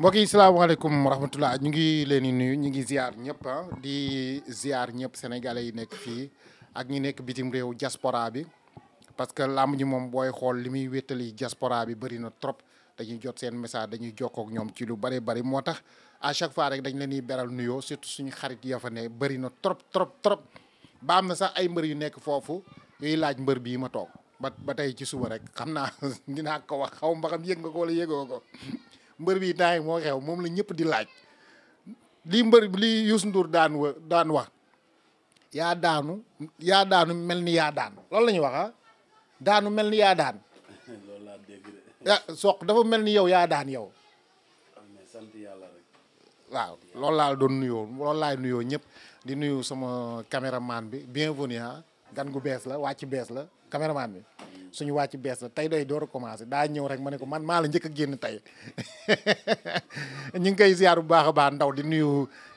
mbokk yi salaamaaleykum wa rahmatulah ñu ngi leen di nuyu ñu ngi ziar ñëpp ah. di ziar ñëpp sénégalais yi nekk fii ak ñu nekk bitim réew diaspora bi parce que làmb ñi moom booy xool li muy wéttali diaspora bi bëri na trop dañuy jot seen message dañuy jokkoo ñoom ci lu bari bari moo tax à chaque fois rek dañ leen di beral nuyoo surtout suñu xarit ya fa ne na trop trop trop ba na sax ay mbër yu nekk foofu yuy laaj mbër bii ma toog ba ba tey ci suba rek xam naa naa ko wax xaw ma xam yëg nga ko wala yëgoo ko. mbër bi temps moo xew moom la ñëpp di laaj li mbër lii Youssou Ndour daan wa daan wax yaa daanu mel ni yaa daanu loolu la ñuy ah. daanu mel ni yaa daan soq dafa mel ni yow yaa daan yow ah, sant yàlla loolu laa doon nuyoo loolu laay nuyoo ñëpp di nuyu sama caméraman bi bienvenue ah gan gu bees la wàcc bees la caméraman bi mm. suñu wàcc bees la tey day door a commencé daa ñëw rek ma ne ko man maa la njëkk a génn tey ñu ngi koy ziar bu baax a baax ndaw di nuyu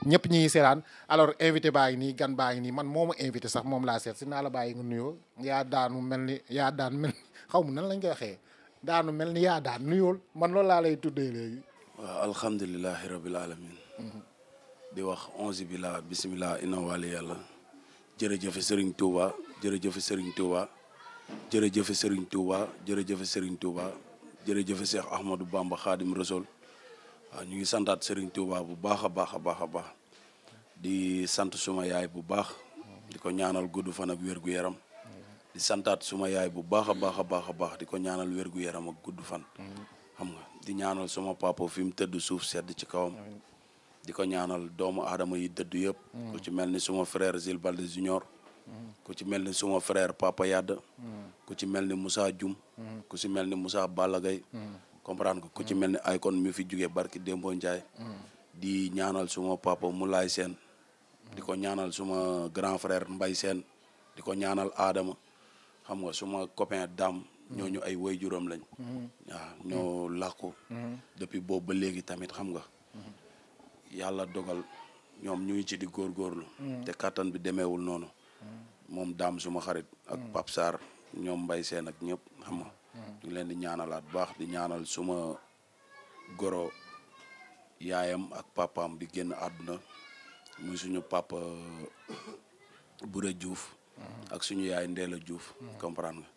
ñëpp ñu ngi seetaan alors invité baa ngi nii gan baa ngi nii man moo ma invité sax moom laa seet si naa la bàyyi nga nuyoo yaa daanu mel ni yaa daan mel xaw ma nan lañ koy waxee daanu mel ni yaa daan nuyool man loolu laa lay tuddee léegi. waaw alhamdulilahi rabil alamin mhm. di wax onze billah la bisimilah inna yàlla jërëjëf Serigne Touba jërëjëf Serigne Touba. jërëjëfe Serigne tuuba jërëjëfe Serigne Touba jërëjëf Cheikh Ahmadou Bamba Khadim Rasoul waaw ñu ngi santaat Serigne tuuba bu baax a baax a baax a baax di sant suma yaay bu baax di ko ñaanal gudd fan ak wér yaram di santaat suma yaay bu baax a baax a baax a baax di ko ñaanal wér gu yaram ak gudd fan. xam nga di ñaanal suma papa fi mu tëdd suuf sedd ci kawam. di ko ñaanal doomu aadama yi dëdd yëpp. Mm. ku ci mel ni suma frère Zil Balde Junior. ku ci mel ni suma frère Papa Yade ku ci mel ni Moussa jum ku ci mel ni Moussa Balla Gaye comprendre ko ku ci mel ni Akon mi fi jugee barki Dembo Ndiaye di ñaanal suma papa Moulay seen di ko ñaanal suma grand frère mbay seen di ko ñaanal aadama xam nga suma copain Dame ñooñu ay waajuram lañ waaw ñoo làkku depuis boobu ba léegi tamit xam nga yàlla dogal ñoom ñu ngi ci di góorgóorlu te kàttan bi demeewul noonu moom daam suma xarit ak mm. Pape Sarr ñoom mbay seen ak ñëpp xam mm. ñu leen di ñaanalaat baax di ñaanal suma goro yaayam ak papaam bi génn àdduna muy suñu papa Bura juuf mm. ak suñu yaay Ndéla juuf comprendre nga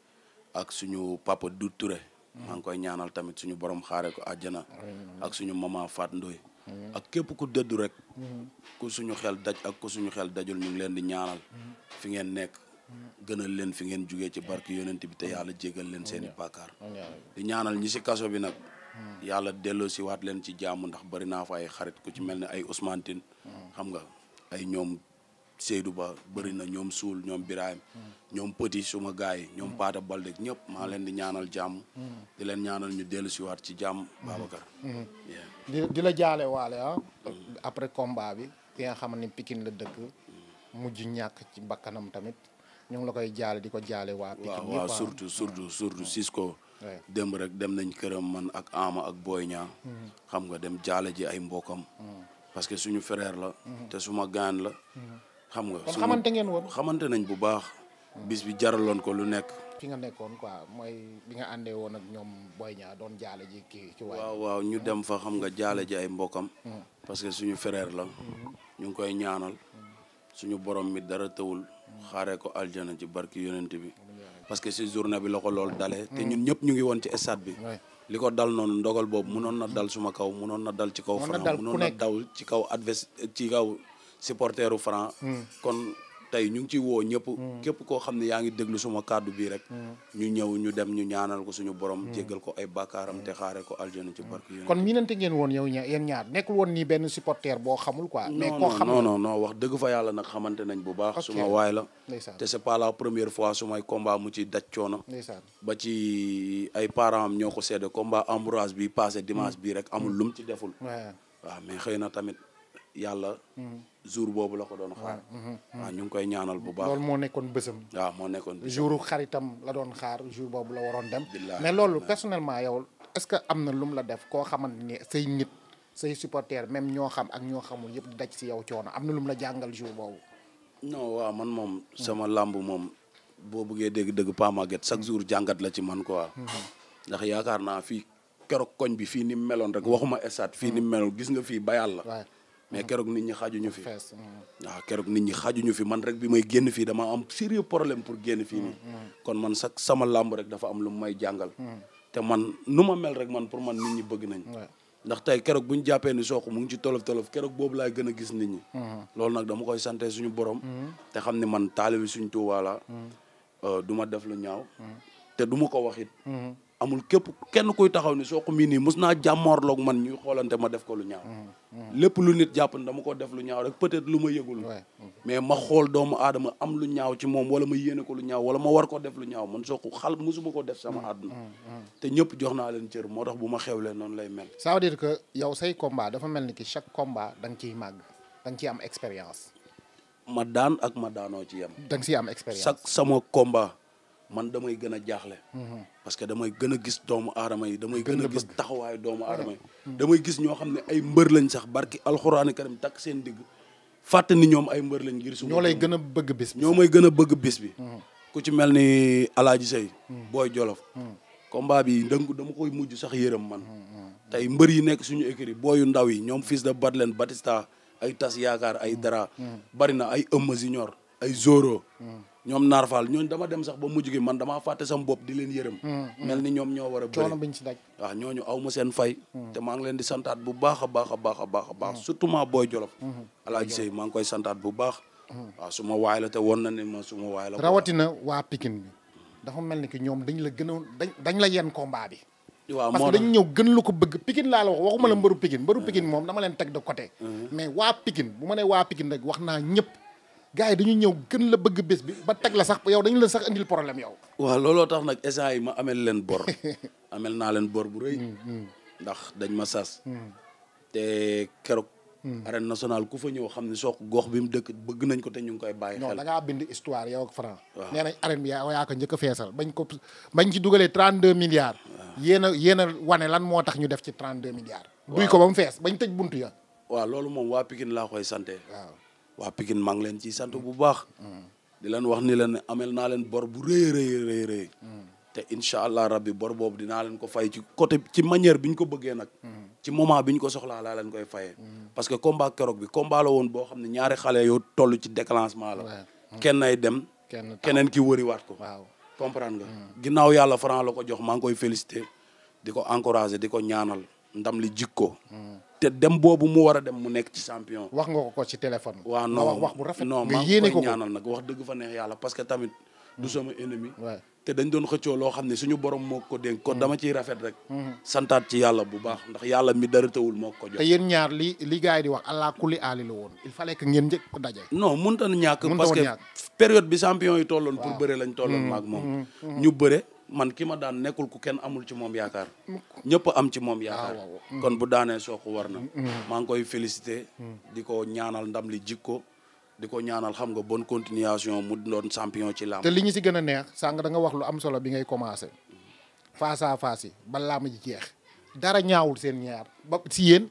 ak suñu papa Dut Touré maa ngi koy ñaanal tamit suñu borom xaare ko àjjana ak suñu mama Fat Ndoy ak képp ku dëddu rek ku suñu xel daj ak ku suñu xel dajul ñu ngi leen di ñaanal fi ngeen nekk gënal leen fi ngeen jugee ci barke yonent bi te yàlla jégal leen seeni bàkkaar di ñaanal ñi si kaso bi nag yàlla delloo si waat leen ci jàmm ndax bari naa fa ay xarit ku ci mel ni ay Ousmane xam nga ay ñoom Seydou Ba bëri na ñoom suul ñoom Birahim ñoom Petit suma gars yi ñoom Paata Balde ñëpp maa leen di ñaanal jàmm. di leen ñaanal ñu dellu si ci jàmm. Babacar. di di la jaale waale ah. après combat bi ki nga xam ne Pikine la dëkk. mujj ñàkk ci bakkanam tamit ñu ngi la koy jaale di ko jaale waa. Pikine waaw ah. surtout surtout surtout Cisco. démb rek dem nañ këram man ak Ama ak Boy Niang. Mhm. xam nga dem jaale ji ay mbokkam. Mhm. parce que suñu frère la. Mhm. te suma gaan la. xam nga kon xamante ngeen woon xamante nañ bu baax. bis bi jaraloon ko lu nekk. fi nga nekkoon quoi mooy bi nga àndee woon ak ñoom Boy Niang doon jaale ji waaw waaw ñu dem fa xam nga jaale ji ay mbokkam. Mm-hmm. parce que suñu fereer la. Mm-hmm. ñu ngi koy ñaanal. Mm-hmm. suñu borom mi dara tëwul. xaaree ko aljana ci barki yonent bi. parce que si journée bi la ko lool dalee. te ñun ñëpp ñu ngi woon ci stade bi. li ko dal noonu ndogal boobu munoon na dal suma kaw munoon na dal ci kaw. munoon na dal na dal ci kaw adversaire ci kaw. supporteru Franc hmm. kon tey ñu ngi ci woo ñëpp hmm. képp koo xam ne yaa ngi déglu suma kàddu bii rek hmm. ñu ñëw ñu dem ñu ñaanal ko suñu borom jéggal ko ay bàkkaaram te xaare ko aljana ci barke yi kon miinante ngeen woon yow ñaar yéen ñaar nekkul woon nii benn supporter boo xamul quoi xam non non non wax dëgg fa yàlla nag xamante nañ bu baax suma waay la te c'est pas la première fois sumay combat mu ci daj coono ba ci ay parent am ñëw ko seede combat ambourage bi passé dimanche bi rek amul lum ci deful waaw mais xëy na tamit yàlla. Mhm. jour boobu la ko doon xaar. Mhm, mhm, waaw ñu ngi koy ñaanal bu baax. loolu moo nekkoon bësam. waaw moo nekkoon jour xaritam la doon xaar jour boobu la waroon dem. mais loolu personnellement yow est-ce que am na lum la def koo xamante ne say nit say supporters même ñoo xam ak ñoo xamul yëpp di daj si yow coono am na lum la jàngal jour boobu. non waaw man moom. Hmm. sama làmb moom boo bëggee dégg dëgg pas Maguette chaque hmm. jour jàngat la ci man quoi. Hmm. ndax yaakaar naa fii keroog bi fii ni mu meloon rek waxuma estat fii ni mu meloon nga fii bayal mais mm. keroog nit ñi xaajuñu fi mm. waaw keroog nit ñi xaajuñu fi man rek bi may génn fii dama am sérieux problème pour génn fii nii mm, kon man sax sama làmb rek dafa am lu mu may jàngal te man nu ma mel rek man pour man nit ñi bëgg nañ ndax tey keroog bu ñu jàppee ni Sokh mu ngi ci tolof tolof keroog boobu laay gën a gis nit ñi loolu nag dama koy sante suñu borom te xam ne man taalibi suñ Tuubaa la euh, du def lu ñaaw te du ko wax amul képp kenn kuy taxaw ni soo ko mii nii mos naa jàmmoorloog man ñuy xoolante ma def ko lu ñaaw mm, mm. lépp lu nit jàpp ne dama ko def lu ñaaw rek peut-être lu ma yëgul mais ma xool doomu aadama am lu ñaaw ci moom wala ma yéene ko lu ñaaw wala ma war ko def lu ñaaw man soo ko xal mosuma ko def sama mm, àdduna te ñëpp jox naa leen cër moo tax bu ma xew xewlee noonu lay mel saa veut dire que yow say combat dafa mel ni ki chaque combat da nga ciy màgg da ciy am expérience ma daan ak ma ci yem da nga am expérience sama combat man damay gën a jaaxle. Mhm. parce que damay gën a gis doomu aadama yi damay gën a gis taxawaayu doomu aadama yi mhm. Mhm. damay gis ñoo xam ne ay mbër lañ sax barki alxuraani karim takk seen digg fàtte ni ñoom ay mbër lañ ngir su ñoo lay gën a bëgg bis bi ñoo may gën a bëgg bis bi ku ci mel ni alaaji say booy jolof combat bi dënk dama koy mujj sax yërëm man tey mbër yi nekk suñu écurie booyu ndaw yi ñoom fils de leen Batista ay tas yaakaar ay dara bari na ay ëmma junior ay zoro ñoom Naar Fall ñooñu dama dem sax ba mujj gi man damaa fàtte sama bopp di leen yërëm. Mm, mm. mel ni ñoom ñoo war a bëri coono bi ñu ci daj. waaw ñooñu aw ma seen fay. Mm. te maa ngi leen di santaat bu baax a baax a a baax a baax surtout booy Jolof. Mm-hmm. Alaaji Sey maa ngi koy santaat bu baax. waaw su ma waay te woon na ne ma su ma waay la. rawatina waa pikin bi dafa mel ni que ñoom dañ la gën dañ dañ la yenn combat bi. waaw parce que dañu ñëw gën lu ko bëgg Pikine laa la wax waxuma la mbëru Pikine mbëru Pikine moom dama leen teg de côté mais waa Pikine bu ma nee waa Pikine rek wax naa ñëpp gars yi dañu ñëw gën la bëgg bés bi ba teg la sax yow dañu la sax indil problème yow. waa looloo tax nag essence yi ma amel leen bor amel naa leen bor bu rëy. Mm, mm. ndax dañ ma sas. Mm. te keroog. arène nationale ku fa ñëw xam ne sook gox bi mu dëkk bëgg nañ ko te ñu ngi koy bàyyi xel. dangaa bind histoire yow ak Franc. waaw nee nañ bi yaa ko njëkk feesal bañ ko bañ ci dugalee 32 milliards. waaw yéen a yéen a wane lan moo tax ñu def ci 32 milliards. waaw duy ko ba mu fees bañ tëj buntu ya waaw loolu moom waa Pikine laa koy sante waa Pikine maa ngi leen ciy sant bu baax. di leen wax ni leen amel naa leen bor bu rëy rëy te incha allah rabbi bor boobu dinaa leen ko fay ci côté ci manière bi ñu ko bëggee nag. ci moment bi ko soxlaa laa leen koy fayee. parce que combat keroog bi combat woon boo xam ne ñaari xale yo tollu ci déclancement la. Hmm. kenn ay dem. keneen ki wëriwaat ko. waaw comprendre hmm. ginnaaw yàlla Franc la ko jox maa ngi koy félicité di ko encouragé di ko ñaanal ndam li jikko. Hmm. te dem boobu mu war a dem mu nekk ci champion. wax nga ko ko ci téléphone. waaw non wax wax bu rafet nga yéene ko ñaanal nag wax dëgg fa neex yàlla parce que tamit. du mm. sama ennemi. dañ doon xëccoo loo xam ne suñu borom moo ko dénk. Mm. dama ciy rafet rek. Mm-hmm. santaat ci yàlla bu baax ndax yàlla mi dara tawul moo ko yéen ñaar li li yi di wax allah kulli aali la woon il fallait que ngeen njëkk ko daje. non mënut a ñàkk parce que période bi champion yi tolloon pour bëre lañ tolloon mm-hmm. maag moom mm-hmm. ñu bëre. man ki ma daan nekkul ku kenn amul ci moom yaakaar ñëpp am ci moom yaakaar ah, mm. kon bu daanee Sokh war na mm, mm. maa ngi koy félicité di ko ñaanal ndam li jikko di ko ñaanal xam nga bonne continuation mu doon champion ci lamb te li ñu si gën a neex sàng da nga wax lu am solo bi ngay commencé face à face yi ba lamb ji jeex dara ñaawul seen ñaar ba si yéen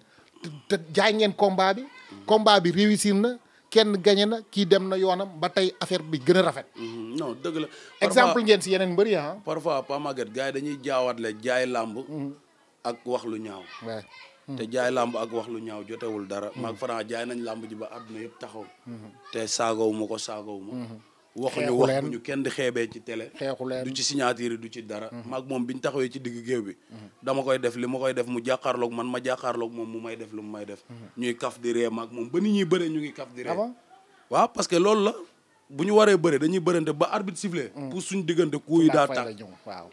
te jaay ngeen combat bi combat bi réussir na kenn gañe na kii dem na yoonam ba tey affaire bi gën a rafet. Mhm. non dëgg la. exemple ngeen si yeneen mbër yi ah. parfois pas magat gars yi dañuy jaawaatle jaay làmb. Mhm. ak wax lu ñaaw. te mhm. jaay làmb ak wax lu ñaaw jotewul dara. maag Franc jaay nañ làmb ji ba àdduna yëpp taxaw. te saagaw ko saagaw waxuñu ñu kenn di xeebee ci télé xeexu leen du ci signature yi du ci dara mhm. maag moom bi ñu taxawee ci digg géew bi mhm. dama koy def li ma koy def mu jàkkaarloog man ma jàkkaarloog moom mu may def lu mu may def mhm. ñuy kaf di ree maag moom ba nit ñuy bëre ñu ngi kaf di ree ah waaw parce que loolu la bu ñu waree bëre dañuy bërante ba arbitre sifflé pour suñ diggante kuu yi daa tax waaw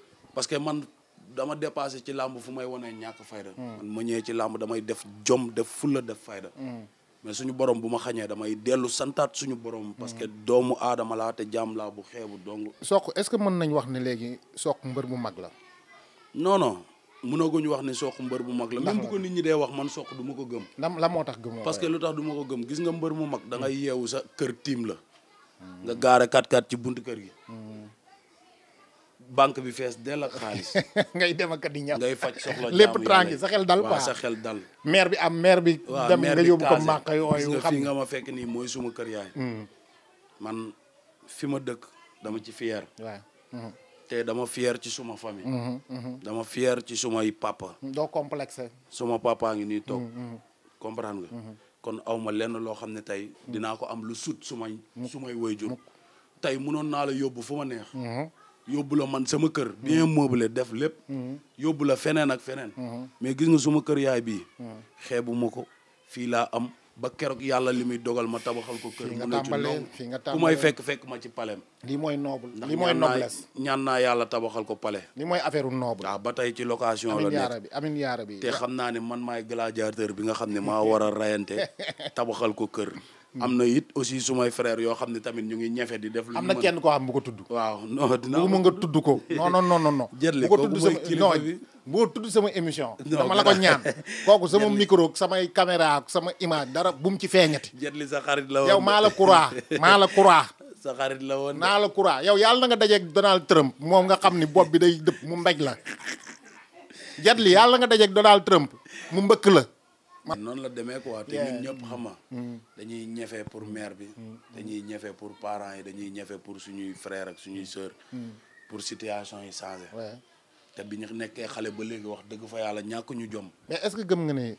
que man dama dépassé ci làmb fu may wanee ñàkk fayda man ma ñëwee ci làmb damay def jom def fulla def fayda mais suñu borom bu ma xañee damay dellu santaat suñu borom. parce que doomu aadama laa te jaam laa bu xeebu dong. Sokh est-ce que mën nañ wax ne léegi sook mbër bu mag la. non non mënaguñu wax ne sook mbër bu mag la. même bu ko dee wax man Sokh du ko gëm. lan lan moo tax gëmoo parce que lu tax du ma ko gëm gis nga mbër mu mag da ngay hmm. yeewu sa kër tiim la. nga gaare kat kat ci buntu kër gi. Hmm. banque bi fees dell ak xaalis. ngay dem ak di ñaw ngay faj soxla lépp tranquille sa xel dal quoi sa xel maire bi am maire bi. dem nga yóbbu ko màq yooyu xam nga ma fekk nii mooy suma kër yaay. Hmm. man fi ma dëkk dama ci fier. waaw. Hmm. te dama fier ci suma famille. Hmm, dama fier ci sumay papa. doo complexe. suma papa ngi nii toog. comprendre nga. kon awma lenn loo xam ne tey dinaa ko am lu sut sumay sumay waajur. tey munoon naa la yóbbu fu ma neex. yóbbu man sama kër. bien meublé def lépp. yóbbu la feneen ak feneen. mais gis nga suma kër yaay bii. xeebu ma ko fii laa am ba keroog yàlla li muy dogal ma tabaxal ko kër. mu ne ci noonu fii nga tàmbalee ku fekk fekk ma ci palem. lii mooy noble lii mooy noblesse ñaan naa yàlla tabaxal ko pale. lii mooy affaire noble. waaw ba tey ci location la nekk amiin yaara bi te xam naa ne man may gladiateur bi nga xam ne maa war a rayante tabaxal ko kër. am na it aussi sumay frère yoo xam ne tamit ñu ngi ñefe di def. lu am na kenn koo xam bu ko tudd. waaw non dina mu nga tudd ko. non non non non. jërëjëf ko tudd sama non boo tudd sama émission. dama la ko ñaan. kooku sama micro ak samay caméra sama image dara bu mu ci feeñati. jërëjëf sa xarit la woon maa la kuraa maa la kuraa. sa xarit la la kuraa yow yàlla na nga dajeeg Donald Trump moom nga xam ni bopp bi day dëpp mu mbéj la. jërëjëf yàlla nga dajeeg Donald Trump mu mbëkk la. noonu la demee quoi te ñun ñëpp xam mm. Mm. dañuy ñefe pour mère bi mm. dañuy ñefe pour parents yi dañuy ñefe pour suñuy frères ak suñuy sœurs pour situation yi changé te bi ñu nekkee xale ba léegi wax dëgg fa yàlla ñàkk ñu jom mais est-ce que gëm nga ne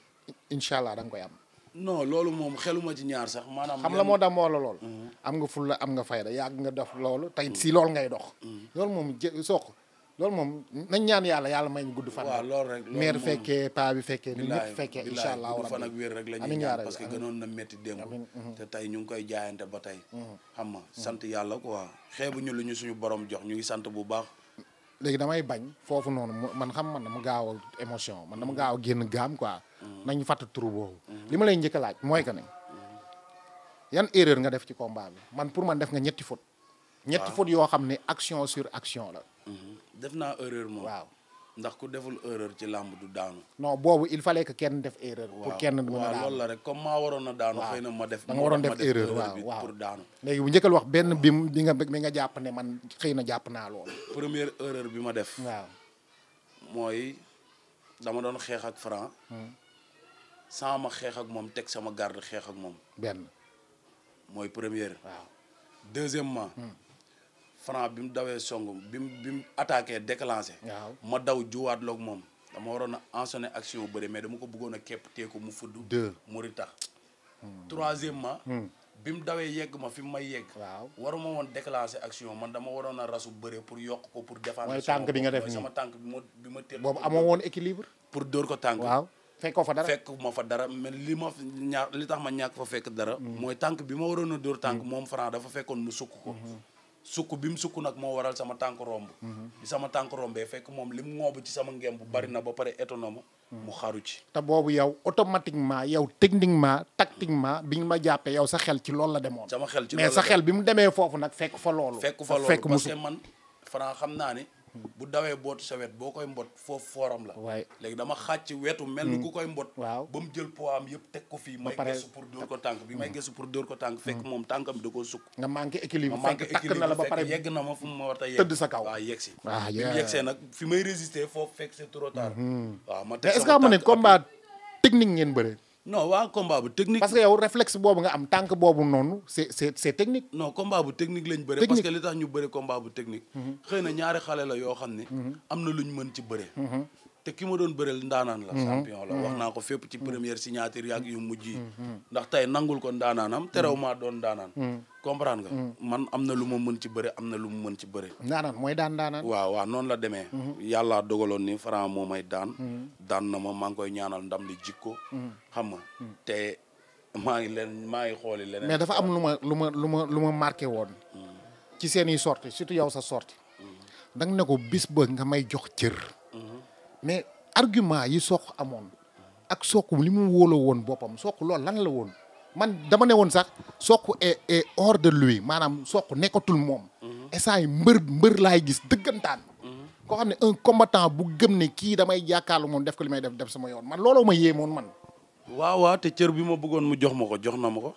incha allah da koy am non loolu moom xeluma ci ñaar sax maanaam xam la moo dam wala lool mm-hmm. am nga la am nga fayda yàgg nga def loolu tey mm-hmm. si loolu ngay dox mm-hmm. loolu moom sook loolu moom nañ ñaan yàlla yàlla may ñu gudd fan. waaw loolu rek loolu meer fekkee paa bi fekkee. ni ñëpp fekkee incha allah gudd fan ak wér rek la ñuy ñaan parce que gënoon na métti démb. Mhm. te tey ñu ngi koy jaayante ba tey. Mhm. xam nga mhm. sant yàlla quoi xeebu ñu lu ñu suñu borom jox ñu ngi sant bu baax. léegi damay bañ foofu noonu man xam man dama gaaw a émotion man dama gaaw a génn gaam quoi. nañu fàttali turu boobu. li ma lay njëkk a laaj mooy que ne. yan erreur nga def ci combat bi man pour man def nga ñetti faute. ñetti faute yoo xam ne action sur action la def naa erreur moom waaw ndax ku deful erreur ci làmb du daanu. non boobu il fa lekk kenn def erreur. pour kenn mën a daanu loolu la rek comme maa waroon a daanu. xëy na ma def da nga waroon def erreur waaw waaw pour daanu. léegi bu njëkkal wax benn bim bi nga bi nga jàpp ne man xëy na jàpp naa loolu. première erreur bi ma def. waaw mooy dama doon xeex ak Franc. Hmm. sama xeex ak moom teg sama garde xeex ak moom. benn mooy première. waaw deuxièmement. Hmm. Franc bi mu dawee song bi mu bi mu attaqué déclenché. ma daw juwaat loog moom. dama waroon a ensonné bu bëri mais dama ko bëggoon a képp teeku ko mu fudd. deux muri tax. Hmm. troisièmement hmm. bi mu dawee yegg ma fi mu may yegg. waaw waruma woon déclenché action man dama waroon a rasu bëre pour yokk ko pour. défendre mooy tànk bi nga def nii sama tànk bi ma bi ma boobu amoo woon équilibre. pour dóor ko tànk. waaw fa dara fekk ma fa dara mais li ma ñaar li tax ma ñàkk fa fekk dara. Hmm. mooy tànk bi ma waroon a dóor tànk moom Franc dafa fekkoon nu sukk ko. sukk bi mu sukk nag moo waral sama tànk romb bi sama tànk rombee fekk moom li mu ŋoobu ci sama ngem bu bari na ba pare étonome mu xaru ci te boobu yow automatiquement yow techniquement tactiquement bi ñu ma jàppee yow sa xel ci loolu la demoon sama xel ci loolu mais sa xel bi mu demee foofu nag fekk fa loolu fekk fa loolu parce que man Franc xam naa ne bu dawee boot sa wet boo koy mbot foofu fooram la. waay léegi dama xàcc wetu mel ni ku mm. koy mbot. waaw ba mu jël poids am yëpp teg ko fii. may gëstu pour dóor ko tànk bi may mm. gëstu pour dóor ko tànk. fekk mm. moom tànkam da koo sukk. nga manqué équilibre ba pare yegg na ma fu mu ma war a yegg tëdd sa kaw waaw yegg si. Ah, bi mu résister foofu fekk c'est trop tard. Mm-hmm. waaw ma teg sama tànk mais technique ngeen bëre non waa combat bu technique. parce que yow réflexe boobu nga am tànk boobu noonu c'est c'est c'est technique. bu technique lañ bëre. parce que li tax ñu bëre combat bu technique. Mhm. xëy na ñaari xale la yoo xam ne. Mhm. am na luñ mën ci bëre. Mhm. te ki ma doon bëreel ndaanaan la mhm. champion la wax naa ko fépp ci mhm. première signature yaag yu mujj yi mhm. ndax tey nangul ko ndaanaanam terew maa doon ndaanaan comprendre nga man am na lu ma mën ci bëre am na lu mu mën ci bëre ndaanaan mooy daan ndaanaan waaw waaw noonu la demee yàllaa dogaloon ni Franc moo may daan daan na ma maa ngi koy ñaanal ndam li jikko xam nga te maa ngi leen maa ngi xooli leneen mais dafa am lu ma lu ma lu ma lu ma marqué woon ci seen i sorti surtout yow sa sorti danga ne ko bis ba nga may jox cër mais argument yi sook amoon ak soq li mu wóoloo woon boppam sooku loolu lan la woon man dama ne woon sax soq est est hors de lui maanaam soq nekkatul moom. instant mhm. mbër mbër laay gis dëggantaan. Mhm. koo xam ne un combattant bu gëm ne kii damay jàkkaarloo moom def ko li may def def sama yoon man looloo ma yéemoon man. waaw cër bi ma bëggoon mu jox ma ko jox na ma ko.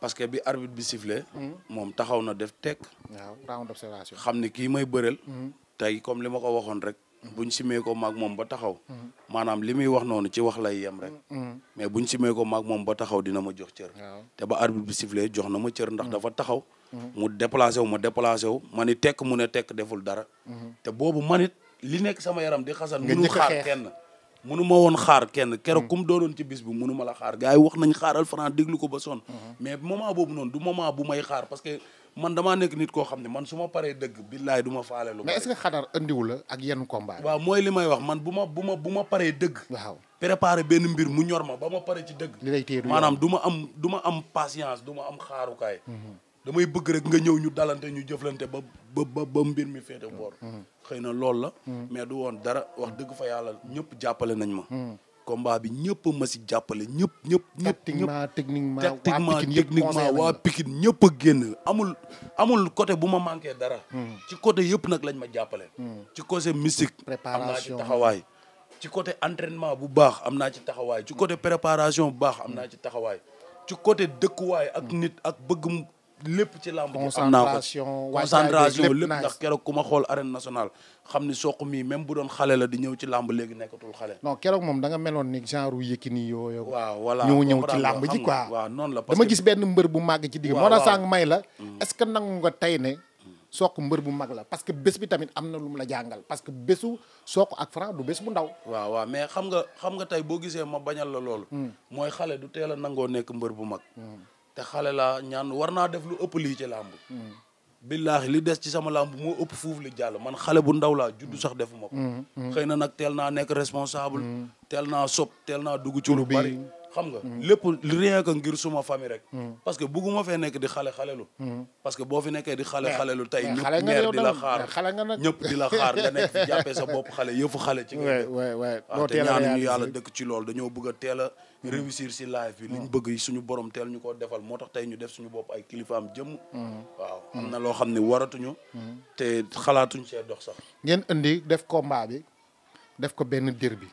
parce que bi arbitre bi sifflé. Hmm. moom taxaw na def tekk. waaw round d'observation. xam ne kii may bëreel. Hmm. tey comme li ma ko waxoon rek. buñ simee ko maag moom ba taxaw hmm. maanaam li muy wax noonu ci wax lay yem rek hmm. Hmm. mais buñ simee ko maag moom ba taxaw dina ma jox cër te ba arbitre bi jox na ma cër ndax dafa taxaw mu déplacé wu ma déplacé wu ma ni tekk mu ne tekk deful dara te boobu manit li nekk sama yaram di xasan munu xaar kenn munu ma woon xaar kenn keroog kum doonoon ci bis bi munu ma la xaar gars yi wax nañ xaaral Franc déglu ko ba son mais moment boobu noonu du moment bu may xaar parce que man damaa nekk nit koo xam ne man su ma paree dëgg billaay du ma faale lu mais est-ce que xadar andiwu la ak yenn combat waaw mooy li may wax man bu ma bu ma bu ma paree dëgg waaw préparé benn mbir mu ñor ma ba ma pare ci dëgg li lay maanaam du ma am du am patience du ma am xaarukaay mhm. damay bëgg rek nga ñëw ñu dalante ñu jëflante ba ba ba mbir mi féete boor mhm. xëy na loolu la mhm. mais du woon dara wax dëgg fa yàlla ñëpp jàppale nañ ma combat bi ñëpp a ma si jàppale ñëpp ñëpp. ñëpp ñëpp techniquement techniquement techniquement waa Pikine ñëpp a amul amul bu ma manqué dara. Hmm. ci côté yëpp nag lañ ma jàppale. Hmm. ci côté mystique. préparation am naa ci taxawaay. ci côté entraînement bu baax am naa ci taxawaay. ci côté préparation bu baax am naa ci taxawaay. ci côté dëkkuwaay ak ak bëgg lépp ci làmb ji am naa ko concentration lépp ndax keroog ku ma xool arène nationale xam ni soq mii même bu doon xale la di ñëw ci làmb léegi nekkatul xale non keroog moom da nga meloon ni genre Yékini yooyu waaw voilà ñëw ñëw ci làmb ji quoi waaw noonu la dama gis benn mbër bu màgg ci digg moo tax sànq may la mm. est-ce que nangu nga tey ne sook mbër bu mag la parce que bés bi tamit am na lu mu la jàngal parce que bésu sook ak franc du bés bu ndaw. waaw mais xam nga xam nga tey boo gisee ma bañal la loolu. Mm. mooy xale du teel a nangoo nekk mbër bu mag. Mm. te xale laa ñaan war naa def lu ëpp lii ci làmb li des ci sama làmb mu ëpp fuuf li jàll man xale bu ndaw laa juddu sax defuma ko mm, mm, mm. xëy na nag teel naa nekk responsable teel naa sob teel na dugg ci lu bari xam nga lépp rien que ngir suma famille rek parce que bugguma fee nekk di xale xalelu parce que boo fi nekkee di xale xalelu tey ñëpp meer di la xaar ñëpp di la xaar nekk fi sa bopp xale yëfu xale ci nga waaw te dëkk ci loolu dañoo bëgg a teel a Mm. réussir si live bi li ñu mm. bëgg suñu borom teel ñu ko defal moo tax tey ñu def suñu bopp ay kilifaam jëmm mm. waaw am na loo xam ne waratuñu te xalaatuñu see dox sax ngeen indi def combat bi def ko benn dër bi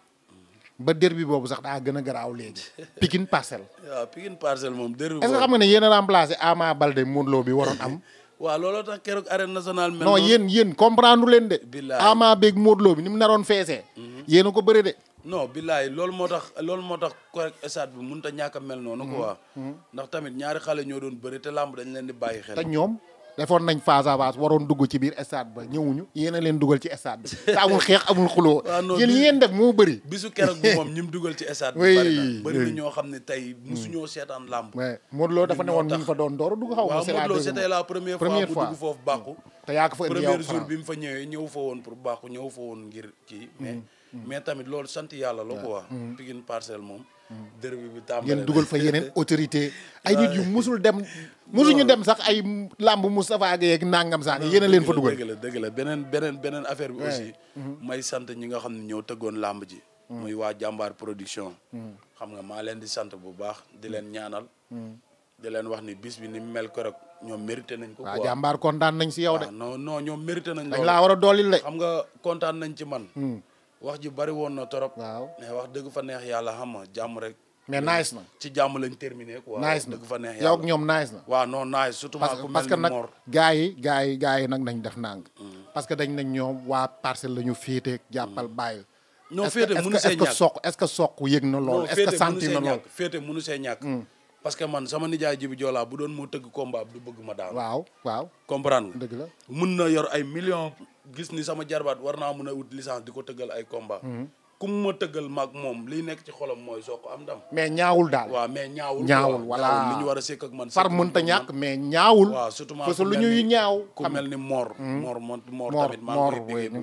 ba dër boobu sax daa gën a garaaw léegi Pikine Parcelles waaw Pikine Parcelles moom dër bi est-ce xam nga ne yéen a remplacé Ama Baldé Modou Lo bi waroon am waaw looloo tax keroog arène nationale mel yéen yéen comprendre leen de Ama beeg Modou Lo bi ni mu naroon feesee mm-hmm. yéen a ko bari de non billaay loolu moo tax loolu moo tax correct stade bi mun a ñàkk mel noonu quoi. Mm-hmm. Mm-hmm. ndax tamit ñaari xale ñoo doon bëri te làmb dañ leen di bàyyi xel. te ñoom defoon nañ face à waroon dugg ci biir stade ba ñëwuñu. yéen leen dugal ci stade bi te amul xeex amul xuloo. waaw yéen yéen moo bëri. bisu keroog moom ñi mu dugal ci stade bi. bëri na ñoo xam ne tey mosuñoo mm. seetaan làmb. Modou Lo dafa ne woon ñu fa doon door a dugg xaw ma. c'est la première fois bu dugg mu fa ñëwee ñëw fa woon pour bàqu ñëw fa woon ngir kii mais mm. mais tamit loolu sant yàlla la quoi. Mm. Pikine parcelle moom. Mm. derby bi tàmbale ngeen dugal fa yeneen autorité ay nit yu musul dem. musuñu dem sax ay làmb Moustapha Gueye ak nangam sax yéen leen fa dugal. dëgg la dëgg la beneen beneen beneen affaire bi aussi. Mm-hmm. may sant ñi nga xam ne ñoo tëggoon làmb ji. Mm. muy waa jàmbaar production. xam nga maa leen di sant bu baax di leen ñaanal. di leen wax ni bis bi ni mel ko rek ñoom mérité nañ ko. waaw jàmbaar kontaan nañ si yow de. no non ñoom mérité nañ. dañ laa nga kontaan nañ ci man. wax ji bari woon na trop. waaw mais wax dëgg fa neex yàlla xam nga jàmm rek. mais nice na ci jàmm lañ terminer quoi. nice na dëgg fa neex yàlla ak ñoom nice na. waaw non nice surtout maa ko mel ni Mor que parce que nag gars yi gars yi yi nag nañ def nang. Mm. parce que dañ nañ ñoom waa parcelle la ñu féetee jàppal mm. bàyyi. non féete mënu see ñàkk est ce que soq est ce que soq yëg na lool. est ce que senti mm. parce que man sama nijaay jibi joolaa bu doon moo tëgg combat du bëgg ma daal. waaw waaw comprendre mun na yor ay millions gis ni sama jarbaat war naa mën a wut licence di ko tëggal ay combat mhm. kum ma tëggal maag moom liy nekk ci xolam mooy soo ko am ndam mais ñaawul daal waaw mais ñaawul ñaawul voilà war a sekk ak man far mënta ñàkk mais ñaawul waaw surtout lu ñuy ñaaw ku mel ni moor mhm. moor moom moor tamit maa mhm.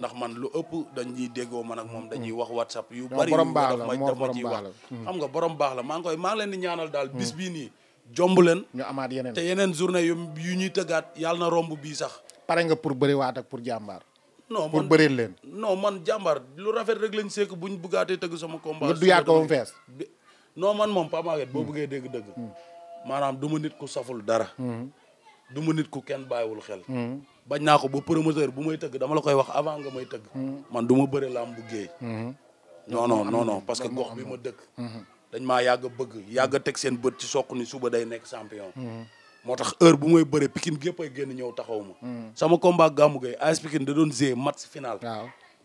ndax man lu ëpp dañuy déggoo man ak moom dañuy wax whatsapp yu bari borom baax la moor borom baax xam nga borom baax la maa koy maa ngi leen ñaanal daal bis bii nii jomb leen ñu amaat yeneen te yeneen journée yu yu ñuy tëggaat yàlla na romb bii sax pare nga pour bëriwaat ak pour jàmbaar. non man pour bëree leen. non man jàmbaar lu rafet rek lañ sekk buñ buggaatee tëgg sama combat. nga duyaat ko ba mu fees. non man moom Pape Maguette boo bëggee dégg dëgg. Hmm. maanaam du ma nit ku saful dara. Hmm. du ma nit ku kenn bàyyiwul xel. Hmm. bañ naa ko ba promoteur bu may tëgg dama la koy wax avant nga may tëgg. man du ma bëre laam bu géey. non non non parce que gox bi ma dëkk. dañ maa yàgg bëgg yàgg teg seen bët ci sook ni suba day nekk champion. moo tax heure bu may bëree Pikine gépp ay génn ñëw taxaw ma. Hmm. sama combat Gamou Gueye AS Pikine da doon jouer match final.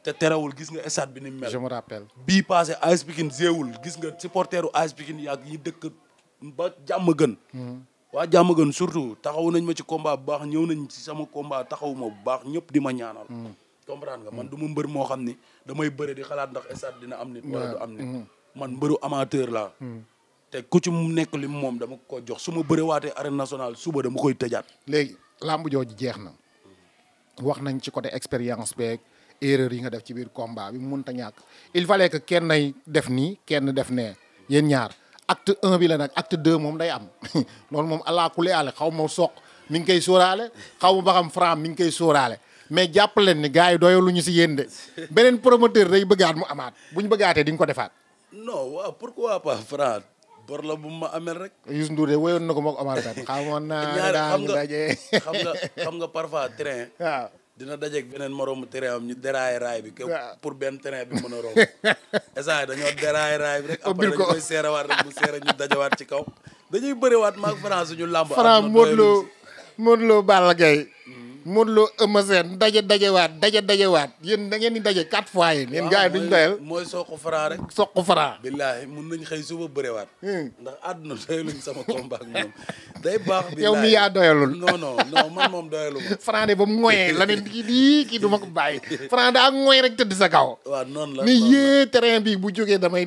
te terewul gis nga stade bi ni mu mel. je me rappelle bii passé AS Pikine jéewul gis nga supporteru AS Pikine yaag yi dëkk ba jàmm gën. Hmm. waa jàmm gën surtout taxaw nañ ma ci combat bu baax ñëw nañ ci sama combat taxaw ma bu baax ñëpp di ma ñaanal. Hmm. comprendre nga man du ma mbër moo xam ni damay bëre di xalaat ndax stade dina am ni wala am nit man mbëru amateur laa. te ku ci nekk li moom dama ko jox suma ma bëriwaatee arène nationale suba dama koy tëjaat. léegi làmb jooju jeex na wax nañ ci côté expérience beeg erreur yi nga def ci biir combat bi mënut a ñàkk il fallait que kenn nay def nii kenn def nee yéen ñaar acte un bi la nag acte deux moom day am loolu moom allah kulli aale xaw ma soq mi ngi koy xaw ma ba xam franc mi ngi koy sóoraale mais jàpp leen ni gars lu ñu si yéen de beneen promoteur day bëggaat mu amaat bu ñu bëggaatee ko defaat. non waaw bor la bu ma ameel rek. Youssou Ndour de wéyoon na ko moog Omar Kane. xamoon naa daa mu daje xam nga xam nga parfois train. waaw dina dajeeg beneen moroomu train am ñu dérailler raay bi. pour benn train bi mën a romb. instant dañoo dérailler raay bi rek. ubbil ko après dañu koy seerawaat rek bu seera ñu dajawaat ci kaw. dañuy bëriwaat maag France ñu làmb. am na Modou Lo Modou Lo Balla Gaye hmm. Modou Lo seen Sène daje waat daje dajewaat yéen da ngeen di daje quatre fois yi yéen gars yi duñ doyal mooy soq fara rek soq fara billaahi mun nañ xëy suba bërewaat hmm. ndax àdduna doyaluñ sama combat ak moom day baax yow mi yaa doyalul non non non man moom doyalu ba mu ŋoyee la ne kii dii du ma bàyyi fran daa ŋoy rek tëdd sa kaw waaw noonu la ni yée terrain bi bu jógee damay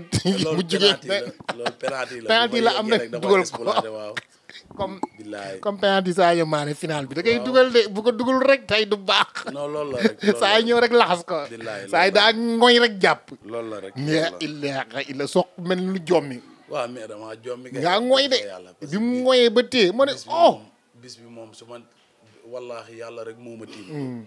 bu jógee loolu penalty la penalty la am rek dugal ko waaw comme comme penalty Sadio Mané final bi da ngay dugal de bu ko dugal rek tay du baax. non loolu saa yi ñëw rek laxas ko. saa yi daa ngoy rek jàpp. loolu la rek mais il est lu jommi. waaw mais dama jommi. ngaa ngoy de bi mu ngoyee ba téye moo ne oh. moom su ma yàlla rek moo ma tiim. Hmm.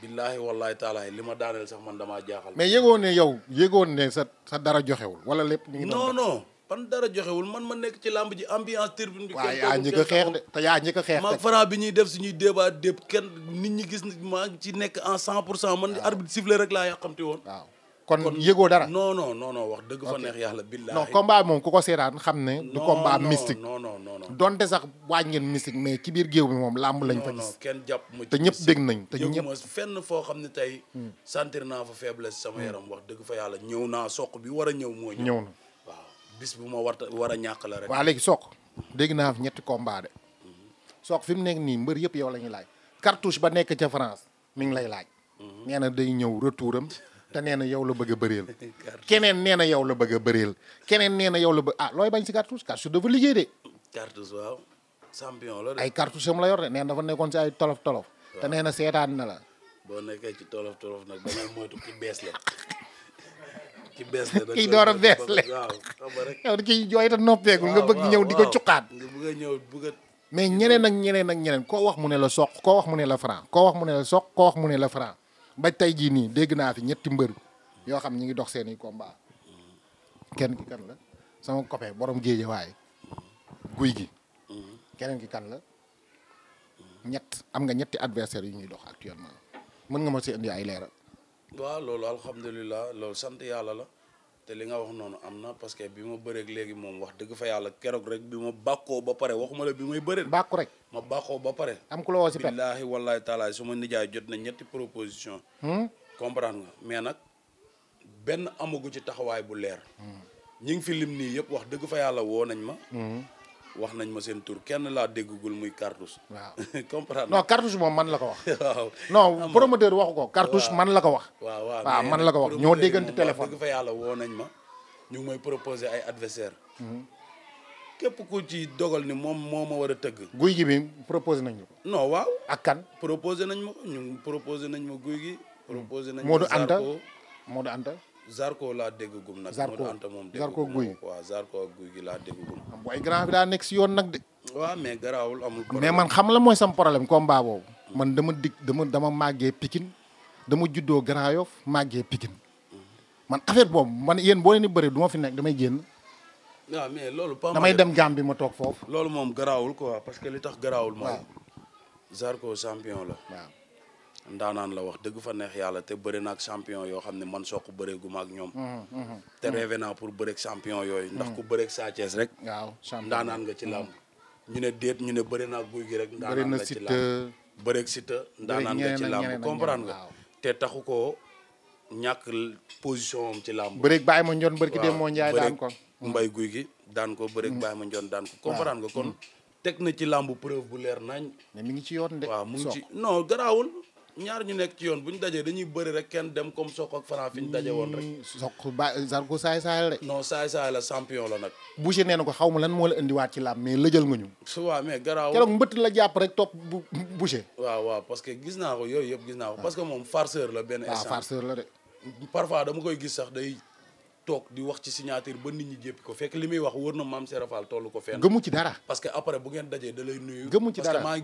billaahi wallaahi taalaay li ma daaneel sax man damaa jaaxal. mais yëgoon ne yow yëgoon ne sa sa dara joxewul wala lépp. ñu ngi non fan dara joxewul man ma nekk ci làmb ji ambiance tribune bi. waaw xeex de te yaa njëkk a xeex bi ñuy def suñuy débat dépp kenn nit ñi gis maa ci nekk en cent pour cent man arbitre sifflé rek laa yàqamti woon waaw kon yëgoo dara non non non wax dëgg fa neex yàlla billaahi non combat moom ku ko seetaan xam ne du combat mystique non non non donte sax waañ ngeen mystique mais ci biir géew bi moom làmb lañ fa gis kenn jàpp ma te ñëpp dégg nañ te ñëpp fenn foo xam ne tey hmm. sentir naa fa faiblesse sama hmm. yaram wax dëgg fa yàlla ñëw naa soq bi war a ñëw moo ñëw na bis bu ma war a war a ñàkk la léegi sook dégg naa ñetti combat de sook fi mu nekk nii mbër yëpp yow la ñuy laaj cartouche ba nekk ca France mi ngi lay laaj. Mhm. nee na day ñëw am te nee na yow la bëgg a bëreel. keneen nee na yow la bëgg a bëreel keneen nee na yow la bëgg ah looy bañ si cartouche cartouche dafa liggéey de. cartouche waaw champion la de. ay la yor de nee dafa nekkoon si ay tolof tolof. te nee seetaan na la. boo nekkee ci tolof tolof nag da ngay moytu ki bees la. ci bees la kii door a bees la waaw xam kii jooy te noppeegul nga bëgg ñëw di ko cuqaat nga bëgg a ñëw bëgg mais ñeneen ak ñeneen ak ñeneen koo wax mu ne la soq koo wax mu ne la franc koo wax mu ne la soq koo wax mu ne la franc ba tey jii nii dégg naa fi ñetti mbër yoo xam ñi ngi dox seeni i combat kenn ki kan la sama copain boroom géeje waaye guy gi keneen ki kan la ñett am nga ñetti adversaire yu ñuy dox actuellement mën nga ma si indi ay leeral waaw loolu alhamdulilah loolu sant yàlla la te li nga wax noonu am na parce que bi ma bëreeg léegi moom wax dëgg fa yàlla keroog rek bi ma bàkkoo ba pare waxuma la bi may bëreeg. bàkku rek ma bàkkoo ba pare. am ku la woo si pet billaahi wallaahi taalaay su ma nijaay jot na ñetti proposition hmm? comprendre nga mais nag benn amagu ci taxawaay bu leer. Hmm. ñi ngi fi lim nii yëpp wax dëgg fa yàlla woo nañ ma. Hmm. wax nañ ma seen tur kenn laa déggugul muy cartouche. waaw comprendre non cartouche moom man la ko wax. waaw non promoteur waxu ko. cartouche man la ko wax. waaw waaw man la ko wax ñoo déggante téléphone. dëgg fa yàlla woo nañ ma ñu ngi may proposer ay adversaire mhm. képp ku ci dogal ni moom moo ma war a tëgg. guy gi bi proposé nañ ko. non waaw. akkan kan. nañ ma ko ñu proposé nañ ma guy gi. proposé nañ ma Modou Anta Modou Anta. Zarko laa dégg gum nag. Zarko Anta moom dégg Zarko guy waaw Zarko ak guy gi laa dégg gum. am bu ay grand bi daa nekk si yoon nag de. waaw mais garaawul amul. mais man xam la mooy sam problème combat boobu. man dama dig dama dama màggee Pikine dama juddoo Grand Yoff màggee Pikine man affaire boobu man yéen boo leen di bëri du fi nekk damay génn. waaw mais loolu. damay dem gàmm bi ma toog foofu. loolu moom garaawul quoi parce que li tax garaawul. mooy Zarko champion la ndaanaan la wax dëgg fa neex yàlla te bëri naag champion yoo xam ne man soq bëreeguma ak ñoom. Mm, mm, mm, te rêvé pour bëreeg champion yooyu. ndax ku bëreek Sa Thiès rek. waaw ndaanaan nga ci làmb. ñu ne déet ñu ne bëri naag guy gi rek. ndaanaan nga ci làmb bëreeg Siteu ndaanaan nga ci te taxu ko ñàkk position am ci làmb. bëreeg bàyyi ma njoon bërki moo njaay daan ko mbay guy gi daan ko bëreeg bàyyi ma njoon daan ko. nga kon teg na ci làmb preuve bu leer nañ. mais mi ngi ci yoon de. waaw mu ñaar ñu nekk ci yoon bu ñu dajee dañuy bëri rek kenn dem comme Sokh ak Franc fi ñu daje woon rek. Hmm, Sokh ba Zarko saay saay rek. non saay saay la champion la nag. Boucher nee na ko xaw ma lan moo la indiwaat ci làmb mais lëjal nga ñu. waaw mais garaaw keroog mbëtt la jàpp rek topp bu waaw waaw parce que gis naa ko yooyu yëpp gis naa ko que moom farceur la benn. Ah, instant waaw farceur la de. parfois dama koy gis sax day toog di wax ci signature ba nit ñi jéppi ko fekk li muy wax wër na maam Serafal tollu ko fenn. gëmu ci dara. parce que après bu ngeen dajee da lay nuyu. gëmu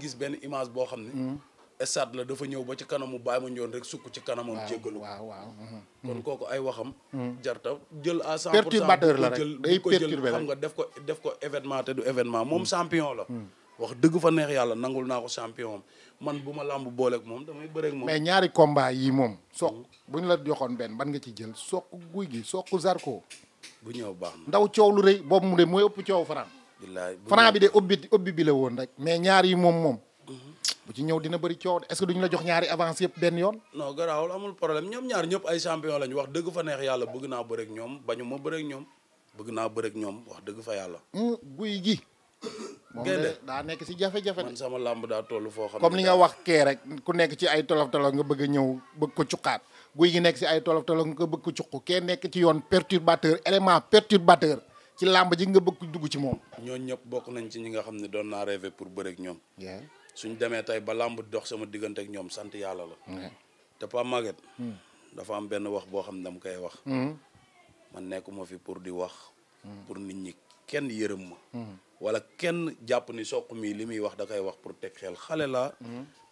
gis benn image boo xam ne hmm. stade la dafa ñëw ba ci mu kanamu Baye Mandione rek sukk ci kanamam. jéggalu waaw waaw mm-hmm. Mm-hmm. kon kooku ay waxam. Mm-hmm. jarta jël à 100 pour cent perturbateur la rek day perturbé xam nga def ko def ko événement te du événement moom mm. champion la. Mm. wax dëgg fa neex yàlla nangul naa ko champion man bu ma làmb booleeg moom damay bëreeg moom. mais ñaari combat yi moom. sook mm. bu ñu la joxoon benn ban nga ci jël soq guy gi soq zarko. bu ñëw baax ndaw coow lu rëy boobu mu de mooy ëpp coow Franc. billaay bi de ubbi bi la woon rek mais bu ci ñëw dina bëri coow est-ce que duñu la jox ñaari avance yëpp benn yoon non garaawul amul problème ñoom ñaar ñëpp ay champion lañu wax dëgg fa neex yàlla bëgg naa bëre ñoom bañu ma bëre ak ñoom bëgg naa bëre ñoom wax dëgg fa yàlla hmm, guy gi moom daa nekk si jafe-jafe sama làmb daa toll foo xam comme li nga wax kee rek ku nekk ci ay tolof tolof nga bëgg ñëw bëgg ko cuqaat guy gi nekk si ay tolof tolof nga bëgg ko cuq kee nekk ci yoon perturbateur élément perturbateur ci làmb ji nga bëgg dugg ci moom ñooñ ñëpp bokk nañ ci ñi nga xam ne doon naa rêvé pour bëre ak ñoom suñ demee tey ba làmb dox sama diggante ak ñoom sant yàlla la. te Pa Maguette. Hmm. dafa am benn wax boo xam ne dama koy wax. Hmm. ma nekkuma fi pour di wax. Hmm. pour nit ñi kenn yërëm ma. wala kenn jàpp ni soq mii li muy wax da koy wax pour teg xel xale laa.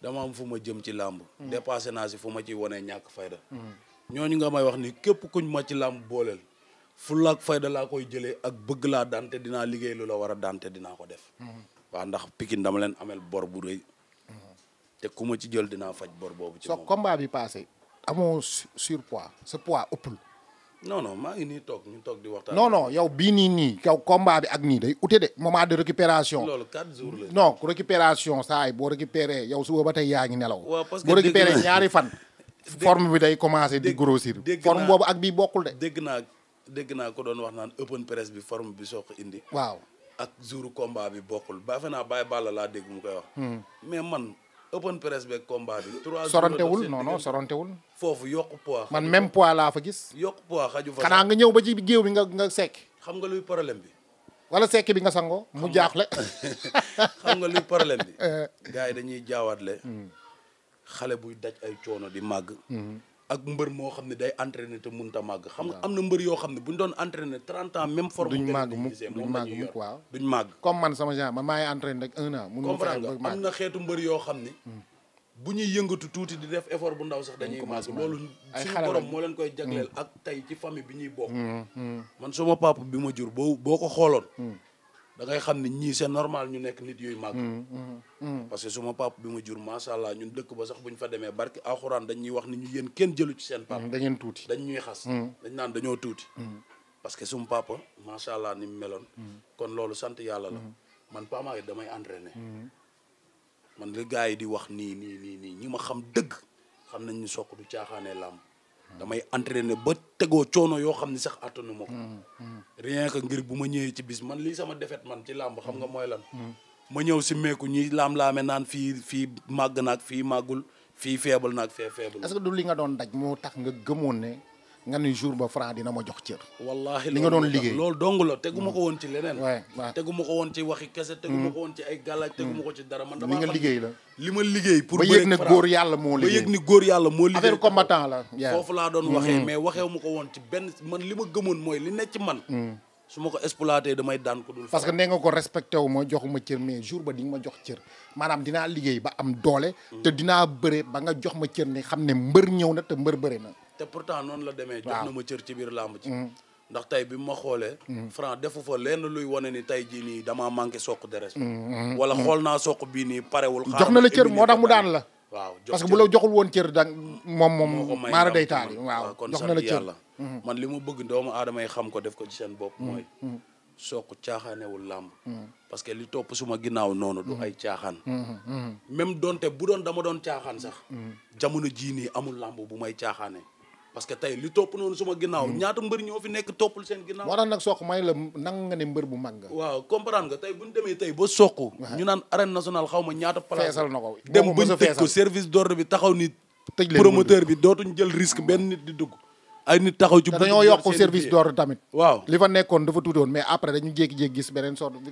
dama am fu ma jëm ci làmb. dépassé naa si fu ma ci wanee ñàkk fayda. ñooñu nga may wax ni képp kuñ ma ci làmb booleel. fulla ak fayda laa koy jëlee ak bëgg laa dante dinaa liggéey lu la war a dante dinaa ko def. waaw ndax Pikine dama leen ameel bor bu rëy te ku ma ci jël dinaa faj boor boobu ci moom. soo combat bi passé amoo surpoids pois poids ëppul non non maa ngi nii toog ñu toog di waxtaan. non non yow bii nii nii yow combat bi ak nii day ute de moment de récupération loolu quatre jours non récupération saa yi boo récupéré yow suba ba tey yaa ngi nelaw boo récupéré ñaari fan forme bi day commencé di grossir forme boobu ak bii bokkul de dégg naa dégg naa ko doon wax naan open press bi form bi soo ko indi waaw ak jour combat bi bokkul ba fa naa bàyyi bàlla laa dégg mu koy wax. Hmm. mais man open press beeg combat bi. trois jours sorantewul non non sorantewul. foofu yokk poids. man même poids laa fa gis. yokk poids xaju fa xanaa nga ñëw ba ci géew bi nga nga sekk. xam nga luy problème bi. wala sekk bi nga sangoo mu jaaxle. xam nga luy problème bi. Eh. gars yi dañuy jaawaatle. Hmm. xale buy daj ay coono di màgg. Hmm. ak mbër moo xam ne day entraîné te mun a màgg. xam nga am na mbër yoo xam ne bu ñu doon entraîné 30 ans même forme. duñ màgg mukk duñ màgg mukk waaw duñ màgg. comme man sama genre man maa ngi entraîné rek un an. mënul fexe ba màgg xeetu mbër yoo xam ne. Hmm. bu ñuy yëngatu tuuti di def effort bu ndaw sax dañuy màgg loolu. ay xale suñu moo leen koy jagleel hmm. ak tey ci famille bi ñuy bokk. Hmm, man ma papa bi ma jur boo boo ko xooloon. da ngay xam ne ñii c'est normal ñu nekk nit yooyu màgg. Mm, mm, mm. parce que suma pap bi ma jur macha allah ñun dëkk ba sax bu ñu fa demee barki alxuraan dañ dañuy wax ni ñu yéen kenn jëlu ci seen pap dañ leen tuuti dañ ñuy xas. dañ naan dañoo tuuti. parce que suma papa macha allah ni mu meloon. kon loolu sant yàlla la. man Paa Maguette damay entraîné. man li gars yi di wax nii nii nii nii ñi ma xam dëgg xam nañ ni Sokh du caaxaanee làmb damay entraîner ba tegoo coono yoo xam ne sax attanu ma ko. rien que ngir bu ma ñëwee ci bis man lii sama defet man ci làmb xam nga mooy lan. ma ñëw si meeku ñuy laam-laame naan fii fii màgg naag fii màggul fii feebal naag fee feebal. est que du li nga doon daj moo tax nga gëmoon ne nga ni jour ba Franc dina ma jox cër. wallaahi li nga doon liggéey lool dong la tegu ko woon ci leneen. waay waaw tegu ma ko woon ci waxi kese. tegu mm. ko woon ci ay gàllaaj mm. tegu ma ko ci dara man. damaa xam nga liggéey la. li ma liggéey pour. ba yëg ne góor ni góor yàlla moo liggéey affaire combattant la. foofu laa doon waxee mm-hmm. mais waxeewu ma ko woon ci benn man li ma gëmoon mooy li nekk ci man. Mm. ma ko exploité damay daan ko dul. parce que nee nga ko respecté wu ma joxu ma cër mais jour ba di ma jox cër maanaam dina liggéey ba am doole. te dinaa bëre ba nga jox ma cër ni xam ne mbër ñëw na te mbër bëre na. te pourtant noonu la demee. jox na ma cër ci biir làmb ci mm. ndax tey bi ma xoolee. Mm. Franc defu fa lenn luy wane ni tey jii nii damaa manqué soq de mm, wala xool naa soq bii nii parewul. xaaral jox na la cër moo tax mu daan la. waaw parce bu la joxul woon cër da moom moom. maara day taal waaw jox na la cër man li ma bëgg doomu aadama yi xam ko def ko ci seen bopp mooy. soq caaxaanewul làmb. parce que li topp suma ginnaaw noonu du ay caaxaan. même donte bu doon dama doon caaxaan sax. jamono jii nii amul làmb bu may caaxaane parce que tey li topp noonu suma ginnaaw mm. ñaata mbër ñoo fi nekk toppul seen ginnaaw moo tax nag soq ma ñaata place feesal na ko benn nit di dugg ay nit taxaw ci dañoo yokk service d'ordre tamit waaw li fa nekkoon dafa tuutoon mais après dañu jékki-jékki gis beneen sorte mm.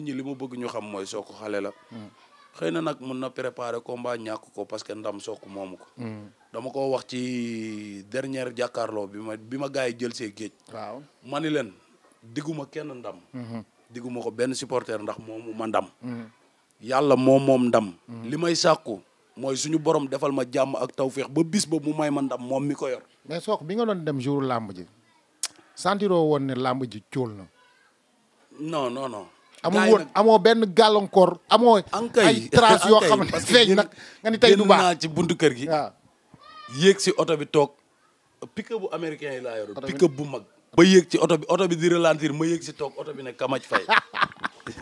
li ma bëgg xam mooy soq xale la mm. xëy na nag mun na préparer combat ñàkk ko parce que ndam soog moomu ko. Mm. dama ko wax ci dernière jàkkaarloo bi ma bi ma gars yi jël see géej. waaw ma ni leen digguma kenn ndam. Mm-hmm. digguma ko benn supporter ndax moomu ma ndam. Mm-hmm. yàlla moom moom ndam. Mm-hmm. li may sàkku mooy suñu borom defal ma jàmm ak taw tawféex ba bis ba mu may ma ndam moom mi ko yor. mais sook bi nga doon dem jour làmb ji sentiroo woon ne làmb ji cóol na. non non amul woon amoo benn gàllankoor amoo. ay traces yoo xam ne feeñ nag nga ni tey nu baax ci buntu kër gi. waaw yéeg si oto bi toog. pick bu américain yi laa yoroon pick bu mag. ba yéeg ci oto bi oto bi di ralentir ma yéeg si toog oto bi ne kamaj fay.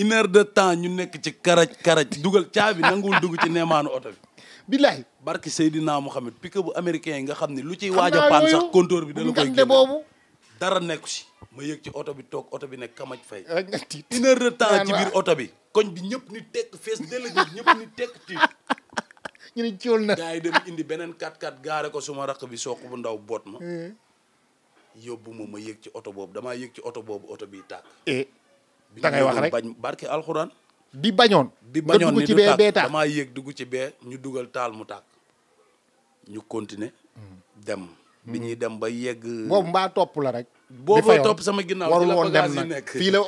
une heure de temps ñu nekk ci karaj karaj dugal caa bi nanguwul dugg ci neemaanu oto bi. billaay barki Seydina Mohamed pick up bu américain yi nga xam ne lu ciy waaj a paan sax compteur bi. dala koy génne boobu dara nekku si. ma yëg ci oto bi toog oto bi ne kamaj fay une heure de temps ci biir oto bi koñ bi ñëpp ni tekk fees dell bi ñëpp ni tek tiit ñu ni ciol na gars yi dem indi beneen 4 x gaare ko suma rakk bi soq bu ndaw boot ma eh. yóbbu ma yëg ci oto boobu damaa yëg ci oto boobu oto bi tàkk eh. da ngay wax rek bañ barke alxuraan bi bañoon bi bañoon ni du tàkk damaa yëg dugg ci bee ñu dugal taal mu tàkk ñu continuer hmm. dem bi ñuy dem ba yegg boobu mbaa topp la rek boobu topp sama ginnaaw warul woon dem nag nekk fii la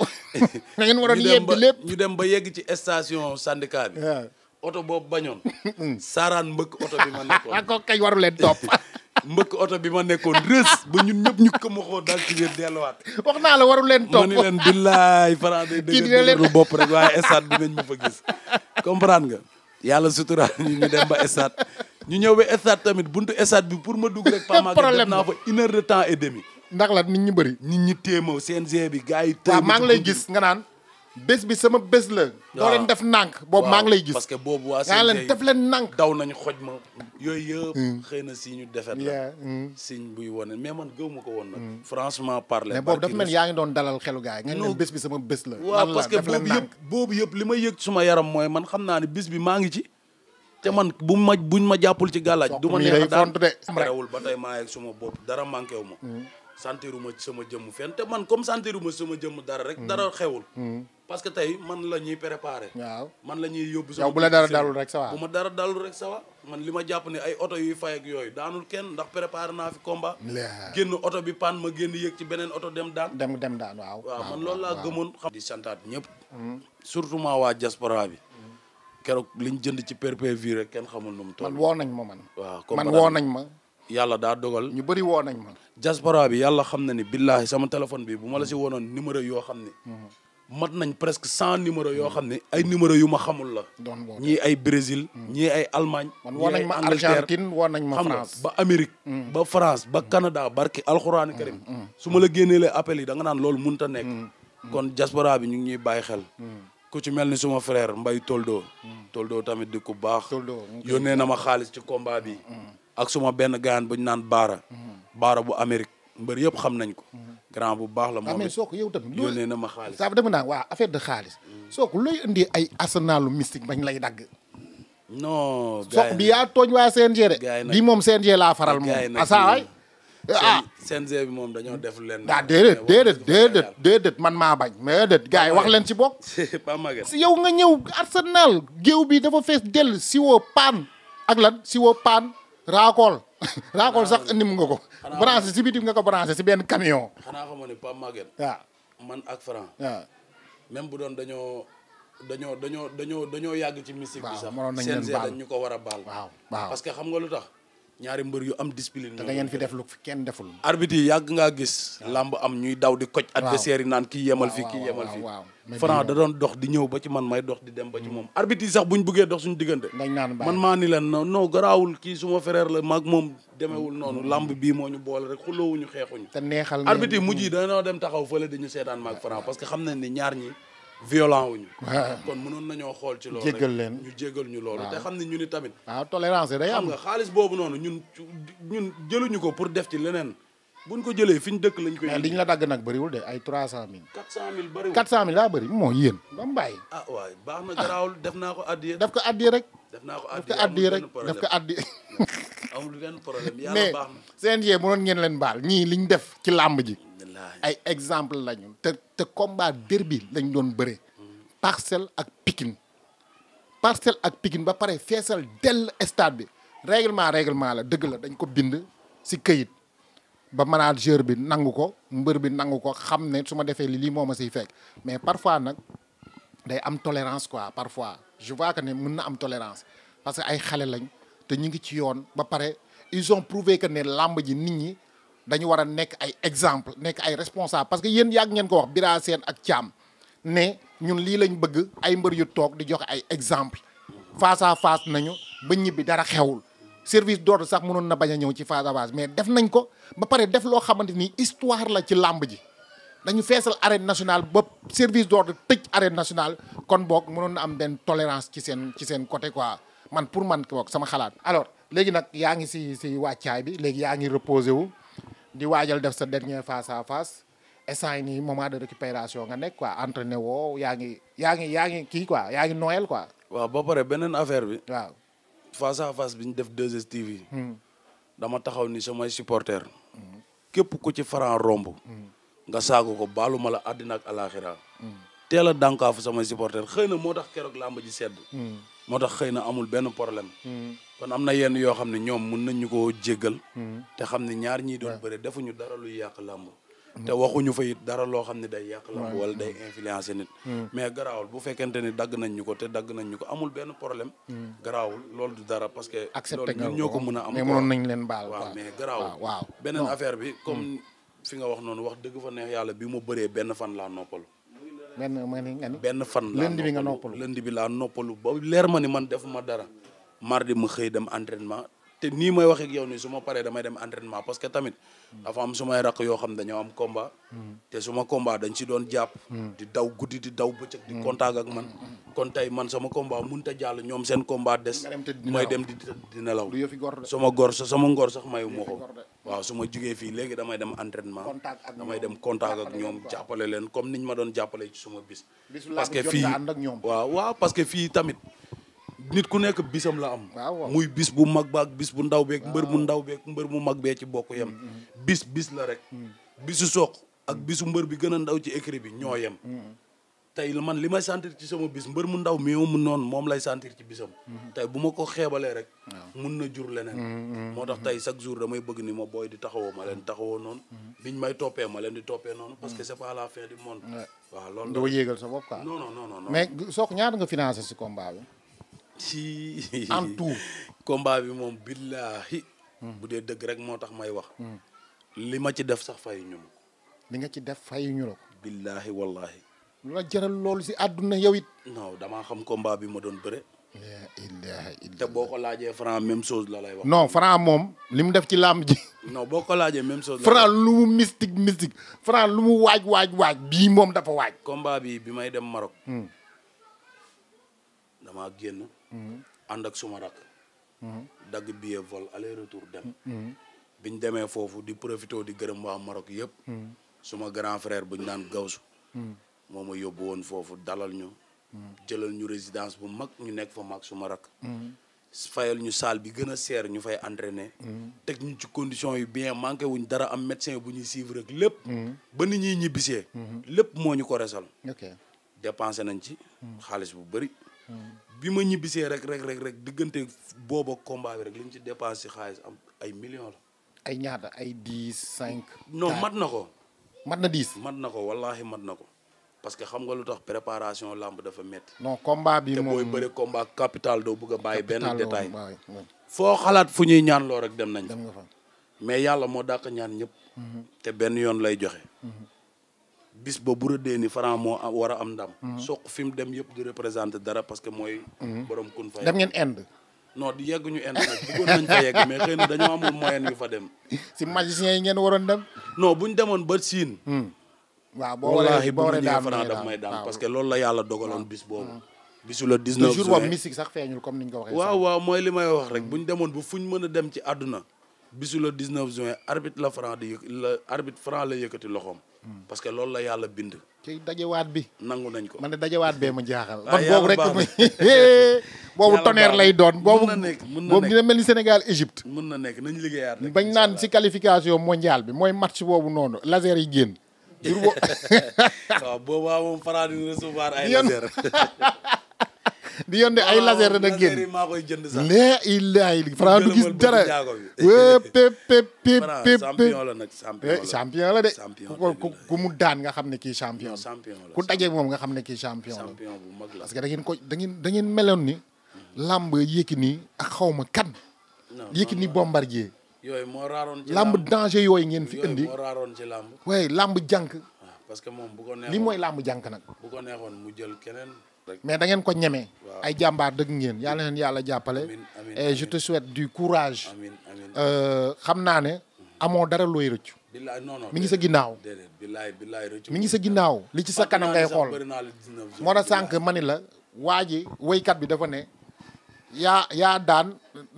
na ngeen waroon yeb bi lépp ñu dem ba yegg ci estation syndicat bi oto boobu bañoon mm. saaraan mbëkk oto bi ma nekkoon ko kay waru leen topp mbëkk oto bi ma nekkoon rës ba ñun ñëpp ñu ko maxoo daal ci delluwaat wax naa la waru leen topp ma ni leen billaay faran day bopp rek waaye stade bi nañ ma fa gis comprendre nga yàlla sutura ñu ñu dem ba stade ñu ñëw ba stade tamit buntu stade bi pour ma dugg rek pamag def naa fa une heure de temps et demi ndax la nit ñi bëri. nit ñi téemoo CNG bi gars yi. waaw maa ngi lay gis nga naan bés bi sama bés la. doo leen def nànk boobu maa lay gis. parce que boobu waa CNG leen def leen nànk. daw nañ xoj ma. yooyu yëpp. Mm. xëy na si ñu defet la. Mm. siñ buy mais man gëw ma ko woon nag. Mm. franchement parler. mais boobu dafa mel yaa ngi doon dalal xelu gars yi. nga leen bés bi sama bés la. waaw parce que boobu yëpp boobu yëpp li ma yëg suma yaram mooy man xam naa ne bés bi maa ngi ci te man bu ma buñ ma jàppul ci gàllaaj du ma neex daan rewul ba tey maa yegg suma bopp dara manqué wu ma santiruma sama jëmm fenn man comme santiruma sama jëmm dara rek dara xewul hmm. parce que tey man la ñuy préparé waaw man la ñuy yóbbu sama bu la dara dalul rek sawa bu ma dara dalul rek sawa man li ma jàpp ne ay oto yuy fayak ak yooyu daanul kenn ndax préparé naa fi komba génn oto bi paan ma génn yëg ci beneen oto dem daan dem dem daan waaw waaw man loolu laa gëmoon xam di santaat ñëpp hmm. surtout waa diaspora bi keroog liñ jënd ci perpévi rek kenn xamul nu mu toll man woo nañ ma man waaw man woo nañ ma yàlla daa dogal. ñu bari woo nañ ma. diaspora bi yàlla xam na ni billahi sama téléphone bi bu ma la si woonoon numéro yoo xam ni. Mhm. mat nañ presque cent numéro yoo xam ne ay numéro yu ma xamul la. doon ñii ay Brésil. Mhm. ñii ay Allemagne. ñii ay Angleterre man woo nañ ma Argentine woo nañ ma France ba Amérique. Mhm. ba France ba Canada barki alxuraan karim. su ma la génneelee appel yi da nga naan loolu mënut a nekk. kon diaspora bi ñu ngi ñuy bàyyi xel. ku ci mel ni suma frère Mbaye Toldo. Toldo tamit di ku baax. Toldo yónnee na ma xaalis ci combat bi. ak suma benn gaayan bu ñu naan baara mhm. baara bu Amérique mbër yëpp xam nañ ko mhm. grand bu baax la ah, moom mais Sokh yow tamit yónnee na ma saa dama naa waa affaire de xaalis mm. Sokh looy indi ay arsenalu mystique bañ lay dagg non Sokh bi yaa tooñ waa CNG de bi moom CNG laa faral moom asaawaay ah, ah. CNG bi moom dañoo def leen daa ah, déedéet déedéet man maa bañ mais déedéet gars yi wax leen ci bokk si yow nga ñëw arsenal géew bi dafa fees dell siwo paan ak lan siwo paan raakool raakool sax indi nga ko. branché si bitim nga ko branché si benn camion. xanaa xamoon ne Pape Maguette. waaw man ak Franc. waaw même bu doon dañoo dañoo dañoo dañoo dañoo yàgg ci mystique bi sax. waaw mënoon leen baal ñu ko war a baal. waaw waaw parce que xam nga lu tax. ñaari mbër yu am discipline. te ngeen fi def lu kenn deful. arbitre yi yàgg ngaa gis. làmb am ñuy daw di koj. adversaire yi naan kii yemal fi kii yemal fi. Franc da doon dox di ñëw ba ci man may dox di dem ba ci hmm. moom. arbitre yi sax buñ bëggee dox suñu diggante. man maa leen non non garaawul kii moom demewul noonu. Hmm. lamb bii moo ñu boole rek xuloowuñu xeexuñu. te neexal arbitre yi mujj yi dañoo dem taxaw fële di ñu seetaan maag Franc parce que xam nañ ni ñaar ñi violent wuñu kon mënoon nañoo xool ci loolu jéggal leen ñu jéggal ñu loolu te xam ñu ni tamit waaw tolérance day am xam nga xaalis boobu noonu ñun ñun jëluñu ko pour def ci leneen bu ñu ko jëlee fi ñu dëkk lañ koy li ñu la dagg nag bëriwul de ay trois cent mille quatre cent mille bëriwul quatre cent mille daa bëri moo yéen ba mu ah, waay baax na garaawul ah. def naa ko addiye def ko addiye rek def naa ko addiye rek def ko addiye amul benn problème yàlla baax na mais seen yee mënoon ngeen leen baal ñii liñ def ci làmb ji ay exemple lañu te te combat derby lañ doon bëre parcelle ak Pikine parcelle ak Pikine ba pare feesal dell stade bi règlement règlement la dëgg la dañ ko bind si këyit ba manager bi nangu ko mbër bi nangu ko xam ne su ma defee li lii moo ma siy fekk mais parfois nag day am tolérance quoi parfois je vois que ne mun na am tolérance parce que ay xale lañ te ñu ngi ci yoon ba pare ils ont prouvé que ne làmb ji nit ñi dañu war a nekk ay exemple nekk ay responsable parce que yéen yàgg ngeen ko wax Bira Sène ak Thiam ne ñun lii lañ bëgg ay mbër yu toog di joxe ay exemple face à face nañu ba ñibbi dara xewul service d'ordre sax mënoon na bañ a ñëw ci face à face mais def nañ ko ba pare def loo xamante ni histoire la ci làmb ji dañu feesal arène nationale ba service d'ordre tëj arène nationale kon boog mënoon na am benn tolérance ci seen ci seen côté man pour man boog sama xalaat alors léegi nag yaa ngi si si wàccaay bi léegi yaa ngi reposé wu di waajal def sa dernier face à face instant yi nii moment de récupération nga nekk quoi entraîné woo yaa ngi yaa ngi yaa ngi kii quoi yaa ngi noël quoi. waaw ba pare beneen affaire bi. waaw face à face bi ñu def 2STV. Hmm. dama taxaw ni samay supporter hmm. képp ku ci Franc romb. Hmm. nga saago ko baalu ma la àddina ak alaaxira teel a dànkaafu samay supporter xëy na moo tax keroog làmb ji sedd. moo tax xëy na amul benn problème. Hmm. kon am na yenn yoo xam ne ñoom mun nañ ñu ko jéggal. Hmm. te xam ne ñaar ñiy doon bëre defuñu dara lu yàq làmb. Hmm. te waxuñu fa yit dara loo xam ne day yàq làmb wala day influencer nit. mais garaawul bu fekkente ni dagg nañ ñu ko te dagg nañ ñu ko amul benn problème. garaawul loolu du dara parce que. accepté ñun ñoo ko mun a am. mais mënoon leen baal waaw mais garaawul waaw beneen affaire bi comme fi nga wax noonu wax dëgg fa neex yàlla bi mu bëree benn fan laa noppal. benn ma ni nga benn fan laa lundi bi nga noppalu lundi bi laa noppalu ba leer ma ni man defuma dara mardi ma xëy dem entraînement te nii may wax ak yow nii su ma paree damay dem entraînement parce tamit dafa am su may rakk yoo xam dañoo am combat te suma combat dañ si doon jàpp di daw guddi di daw bëccëg di contact ak man kon tey man sama combat mun a jàll ñoom seen combat des may dem di di nelaw sama gor sa sama ngor sax mayu ma ko waaw su ma jugee fii léegi damay dem entraînement may dem contact ak ñoom jàppale leen comme niñ ma doon jàppale ci suma bis parce que fii waaw waaw parce que fii tamit nit ku nekk bisam la am. muy bis bu mag ba ak bis bu ndaw beeg mbër mu ndaw beek mbër mu mag bee ci bokk yem. Mm, mm. bis bis la rek. Mm. bisu soq ak bisu mbër bi gën a ndaw ci écrit bi ñoo yem. tey man li may sentir ci sama bis mbër mu ndaw mi mu noonu moom lay sentir ci bisam. tey bu ma ko xeebalee rek. mun na jur leneen. moo tax tey chaque jour damay bëgg ni ma booy di taxawoo ma leen taxawoo noonu. biñ may toppee ma leen di toppee noonu. parce que c'est pas la fin du monde. waaw loolu. doo yéegal sa bopp quoi. non non non non. ñaata nga financé si ci en tout combat bi moom billaahi hmm. bu dee dëgg rek moo tax may wax hmm. li ma ci def sax fayuñu ma li nga ci def fay la ko billaahi wallaahi lu la jaral loolu si àdduna yow it non damaa xam combat bi ma doon bëre la boo ko laajee Franc même sos la lay wax non Franc moom li mu def ci làmb ji non boo ko laajee même chose Franc lu mu mystique mystique Franc lu mu waaj waaj waaj bii moom dafa waaj komba bi bi may dem Maroc hmm. damaa génn ànd ak suma rak mhm. dagg billet vol aller retour dem mhm. biñ demee foofu di profité di gërëm waa Maroc yëpp mhm. suma grand frère buñ naan gawsu moo ma yóbbu woon foofu dalal ñu jëlal ñu résidence bu mag ñu nekk fa mag suma rak fayal ñu salle bi gën a seer ñu fay entraîner. teg ñu ci condition yu bien manqué wuñ dara am médecin bu ñuy suivre rek lépp. ba ni ñuy ñibbisee. lépp moo ñu ko resal. ok nañ ci. xaalis bu bëri. bi ma ñibbisee rek rek rek rek diggante booba combat bi rek li ñu ci dépense ci xaalis am ay million ay ñaata ay dix cinq. non mat na ko. mat na dix. mat na ko wallaahi mat na ko parce que xam nga lu tax préparation làmb dafa metti non combat bi moom te booy bëri combat capital doo bëgg a bàyyi benn détail foo xalaat fu ñuy ñaan loo rek dem nañ. dem nga fa mais yàlla moo dàq ñaan ñëpp. Mhm. te benn yoon lay joxe. Mhm. bis boobu bu rëddee ni Franc moo war a am ndam. soq fi mu dem yëpp di représenté dara parce que mooy. borom kun fa dem ngeen Inde. non di yegg ñu Inde nag bëggoon nañ fa yegg mais xëy na dañoo amul moyen yu fa dem. si magicien yi ngeen waroon dem. non bu ñu demoon ba Siin. Hmm. waaw boo que loolu la yàlla dogaloon bis boobu. Hmm. bisu le 19 juin jour comme ni ko waxee. waaw waaw mooy li may wax rek bu demoon ba fu ñu mën dem ci àdduna bisu le 19 juin arbitre la Franc di la arbitre la yëkkati loxoom parce que loolu la yàlla bind. ci dajewaat bi. nangu nañ ko man de dajewaat bee ma jaaxal. ah boobu rek muy boobu tonnerre lay doon. boobu boobu dina mel ni Sénégal Égypte. mën na nekk nañ liggéeyaat rek bañ naan si qualification mondiale bi mooy match boobu noonu laser yi génn. di yónnee ay laser dana génn waaw maa koy jënd sax. mais a Franc du gis dara wépp pep pep pep champion la nag champion eh, la de. ku mu daan nga xam ne kii champion. champion la ku dajeeg moom nga xam ne ki champion la. champion bu mag parce que da ngeen ko da ngeen da ngeen meloon ni. làmb Yékini ak xawma kan. Yékini Bombardier. yooyu moo raaroon ci làmb danger yooyu ngeen fi indi. moo raaroon ci làmb. waaye làmb jànk. Ah, que moom bu ko mooy lamb jànk nag. bu ko neexoon mu jël keneen. mais da ngeen ko ñeme. ay jàmbaar dëgg ngeen yàlla leen yàlla jàppale. et je te souhaite du courage. Euh, xam naa ne amoo dara looy rëccu. mi ngi sa ginnaaw. mi ngi sa ginnaaw li ci sa kanam ngay xool. moo tax sànq ma ni la waa ji woykat bi dafa ne. yaa yaa daan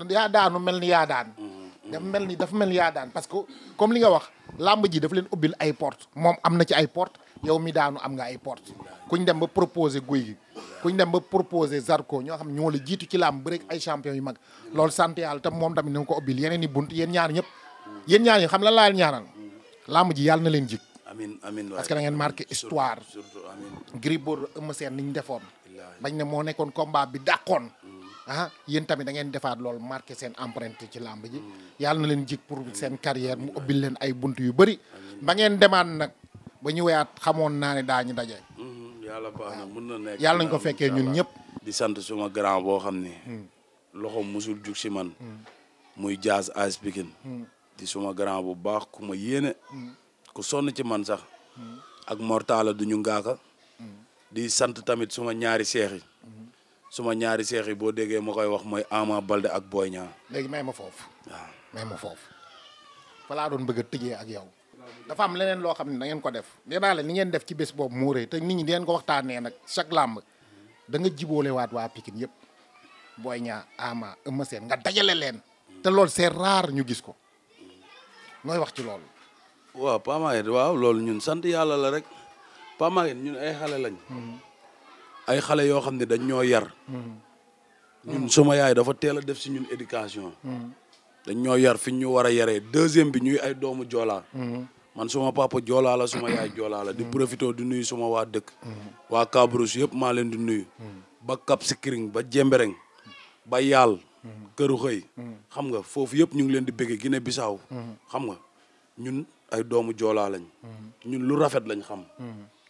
yaa daanu mel ni yaa daan. Mm. daf mel ni dafa mel yaa daan parce que comme li nga wax làmb ji daf leen ubbil ay porte moom am na ci ay porte yow mi daanu am nga ay porte kuñ dem ba proposer guy gi kuñ dem ba proposer Zarko ñoo xam ñoo la jiitu ci làmb bi rek ay champion yu mag lool sant yàlla tam moom tamit na nga ko ubbil yeneen i bunt yéen ñaar ñëpp yéen ñaar ñi xam la laal ñaanal làmb ji yàlla na leen jik amin amin parce que da ngeen marqué histoire Gris Bordeaux Eumeu Sène ni ñu defoon bañ ne moo nekkoon combat bi dàqoon ah yéen tamit da ngeen defaat loolu marqué seen empreinte ci làmb ji yàlla leen jik pour seen carrière mu ubbil ay bunt yu bëri ba ngeen demaat nag ba ñu weyaat xamoon naa ne daañu daje mhm, yàlla mën na nekk yàlla nañ ko fekkee ñun ñëpp di sant suma grand boo xam ni hmm. loxoom musul jug si man hmm. muy Diaz AS Pikine hmm. di suma grand bu baax ku ma yéene ku sonn ci man sax ak mortala du ñu ngaaka di sant tamit suma ñaari seex yi suma ñaari seex yi boo déggee ma koy wax mooy Ama Balde ak Boy Niang. léegi may ma foofu. waaw may ma foofu. fa laa doon bëgg a tëjee ak yow. dafa am leneen loo xam ne da ngeen ko def. nee naa ni ngeen def ci bés boobu muuree te nit ñi deen ko waxtaanee nag chaque làmb da nga jiboolewaat waa Pikine yëpp Boy Niang Ama Eumeu nga dajale leen. te lool c'est rare ñu gis ko nooy wax ci lool waaw Paa waaw loolu ñun sant yàlla la rek Paa Maguette ñun ay xale lañ. Hmm. ay xale yoo xam ne dañ ñoo yar. ñun suma yaay dafa teel a def si ñun éducation. dañ ñoo yar fi ñu war a yaree deuxième bi ñuy ay doomu joolaa. man suma papa joolaa la suma yaay joolaa la di profité di nuyu suma waa dëkk. waa Kabrousse yëpp maa leen di nuyu. ba Cap Skirring ba Jembereng ba Yaal. këru xëy. xam nga foofu yëpp ñu ngi leen di bëgg Guinée Bissau. xam nga ñun ay doomu joolaa lañ. ñun lu rafet lañ xam.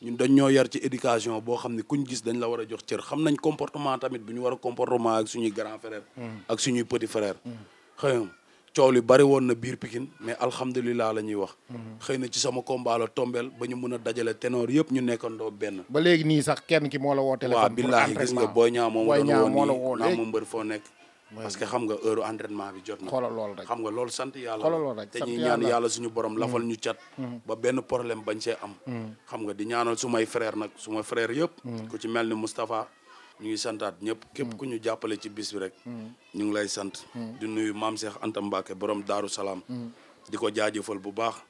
ñun dañ ñoo yar ci éducation boo xam ne kuñ gis dañ la war a jox cër xam nañ comportement tamit bu ñu war a comportement ak suñuy grand frère hmm. ak suñuy petit frère hmm. xëy na coow li bari woon na biir Pikine mais alhamdulilah la ñuy wax hmm. xëy na ci sama combat la tombeel ba ñu mën a dajale ténor yëpp ñu nekkandoo benn ba léegi nii sax kenn ki moo la woo téléphone waaw billaahi gis nga booy ñaa moom doon woon nii naa ma mbër foo nekk parce que xam nga heure entraînement bi jot na. xoolal loolu rek xam nga loolu sant yàlla. xoolal loolu rek te ñuy ñaan yàlla suñu borom mm-hmm. lafal ñu cat. Mm-hmm. ba benn problème bañ see am. Mm-hmm. xam nga di ñaanal sumay frère nag suma frère yëpp. ko ci mel ni Moustapha ñu ngi santaat ñëpp. képp ku ñu jàppale ci bis bi rek. ñu ngi lay sant. di nuyu maam Cheikh Anta Mbacke borom Daaru Salaam. di ko jaajëfal bu baax.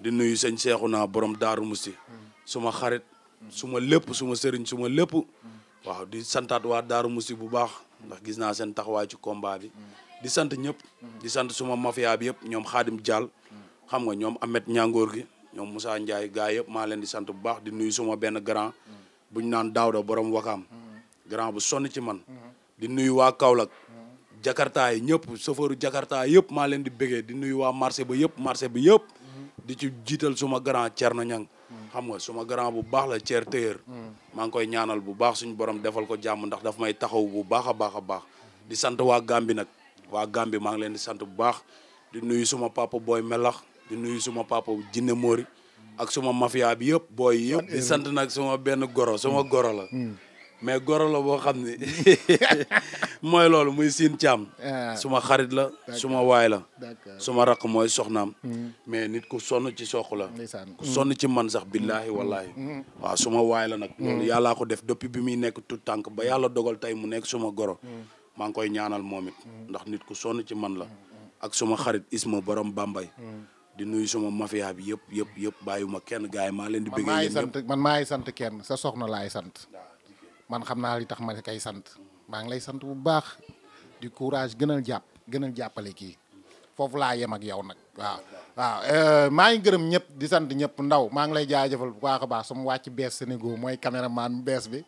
di nuyu sëñ naa borom Daaru Musti. suma xarit suma lépp suma sëriñ suma lépp. waaw di santaat waa Daaru Musti bu baax. ndax gis naa seen taxawaay ci combat bi. di sant ñëpp. di sant suma mafia bi yëpp ñoom xaadim Diall. xam nga ñoom Ahmed Ñangoor gi ñoom Moussa Ndiaye gars yëpp maa leen di sant bu baax di nuy suma benn grand. bu ñu naan Daouda borom wakaam grand bu sonn ci man. di nuyu waa Kaolack. Jakarta yi ñëpp chauffeuru Jakarta yëpp maa leen di bëggee di nuyu waa marché ba yëpp marché bi yëpp. di ci jiital suma grand Thierno Niang. xam nga suma grand bu baax la Thier Théer mm. maa ngi koy ñaanal bu baax suñu borom defal ko jàmm ndax daf may taxaw bu baax a baax a baax di sant waa Gambi nag waa Gambi maa ngi leen di sant bu baax di nuyu suma papa booy melax di nuyu suma papa Jinne Mori ak suma mafia bi yëpp booy yëpp di sant nag suma benn goro suma goro la mm. mais goro la boo xam ni mooy loolu muy siin caam ah. suma xarit la suma waay la suma rakk mooy soxnaam hmm. mais nit ku sonn ci soq la ku sonn ci man sax billaahi hmm. wallaahi hmm. waaw suma waay la nag loolu yàllaa ko def depuis bi muy nekk tu tànk ba yàlla dogal tey mu nekk suma goro maa ngi koy ñaanal moom it ndax nit ku sonn ci man la ak suma xarit isma borom bambay di nuyu suma mafia bi yëpp yëpp yëpp bàyyiwuma kenn gars yi maa leen di bëggee yéen ñëpp man maay sant kenn sa soxna laay sant man xam naa li tax ma ne kay sant maa ngi lay sant bu baax di courage gënal jàpp gënal jàppale kii foofu laa yem ak yow nag waaw. waaw euh, maa ngi gërëm ñëpp di sant ñëpp ndaw maa ngi lay jaajëfal bu baax a baax sama wàcc bees Sénégal mooy caméraman bees bi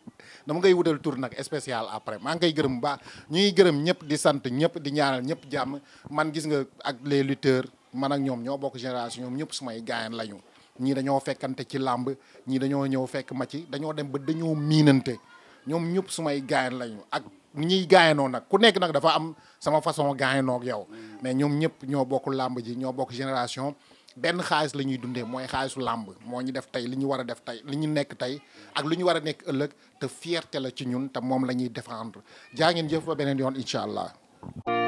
dama ngay wutal tour nag spécial après maa ngi koy gërëm bu baax ñu gërëm ñëpp di sant ñëpp di ñaanal ñëpp jàmm man gis nga ak les lutteurs man ak ñoom ñoo bokk génération ñoom ñëpp sumay gaayan lañu ñii dañoo fekkante ci làmb ñi dañoo ñëw fekk ma ci dañoo dem ba dañoo miinante. ñoom ñëpp sumay gaayan lañu ak ñuy gaayanoo nag ku nekk nag dafa am sama façon gaayanoo ak yow mais ñoom ñëpp ñoo bokk làmb ji ñoo bokk génération benn xaalis la ñuy dundee mooy xaalisu làmb moo ñu def tey li ñu war a def tey li ñu nekk tey ak lu ñu war a nekk ëllëg te fierté la ci ñun te moom la ñuy défendre jaa ngeen jëf ba beneen yoon incha allah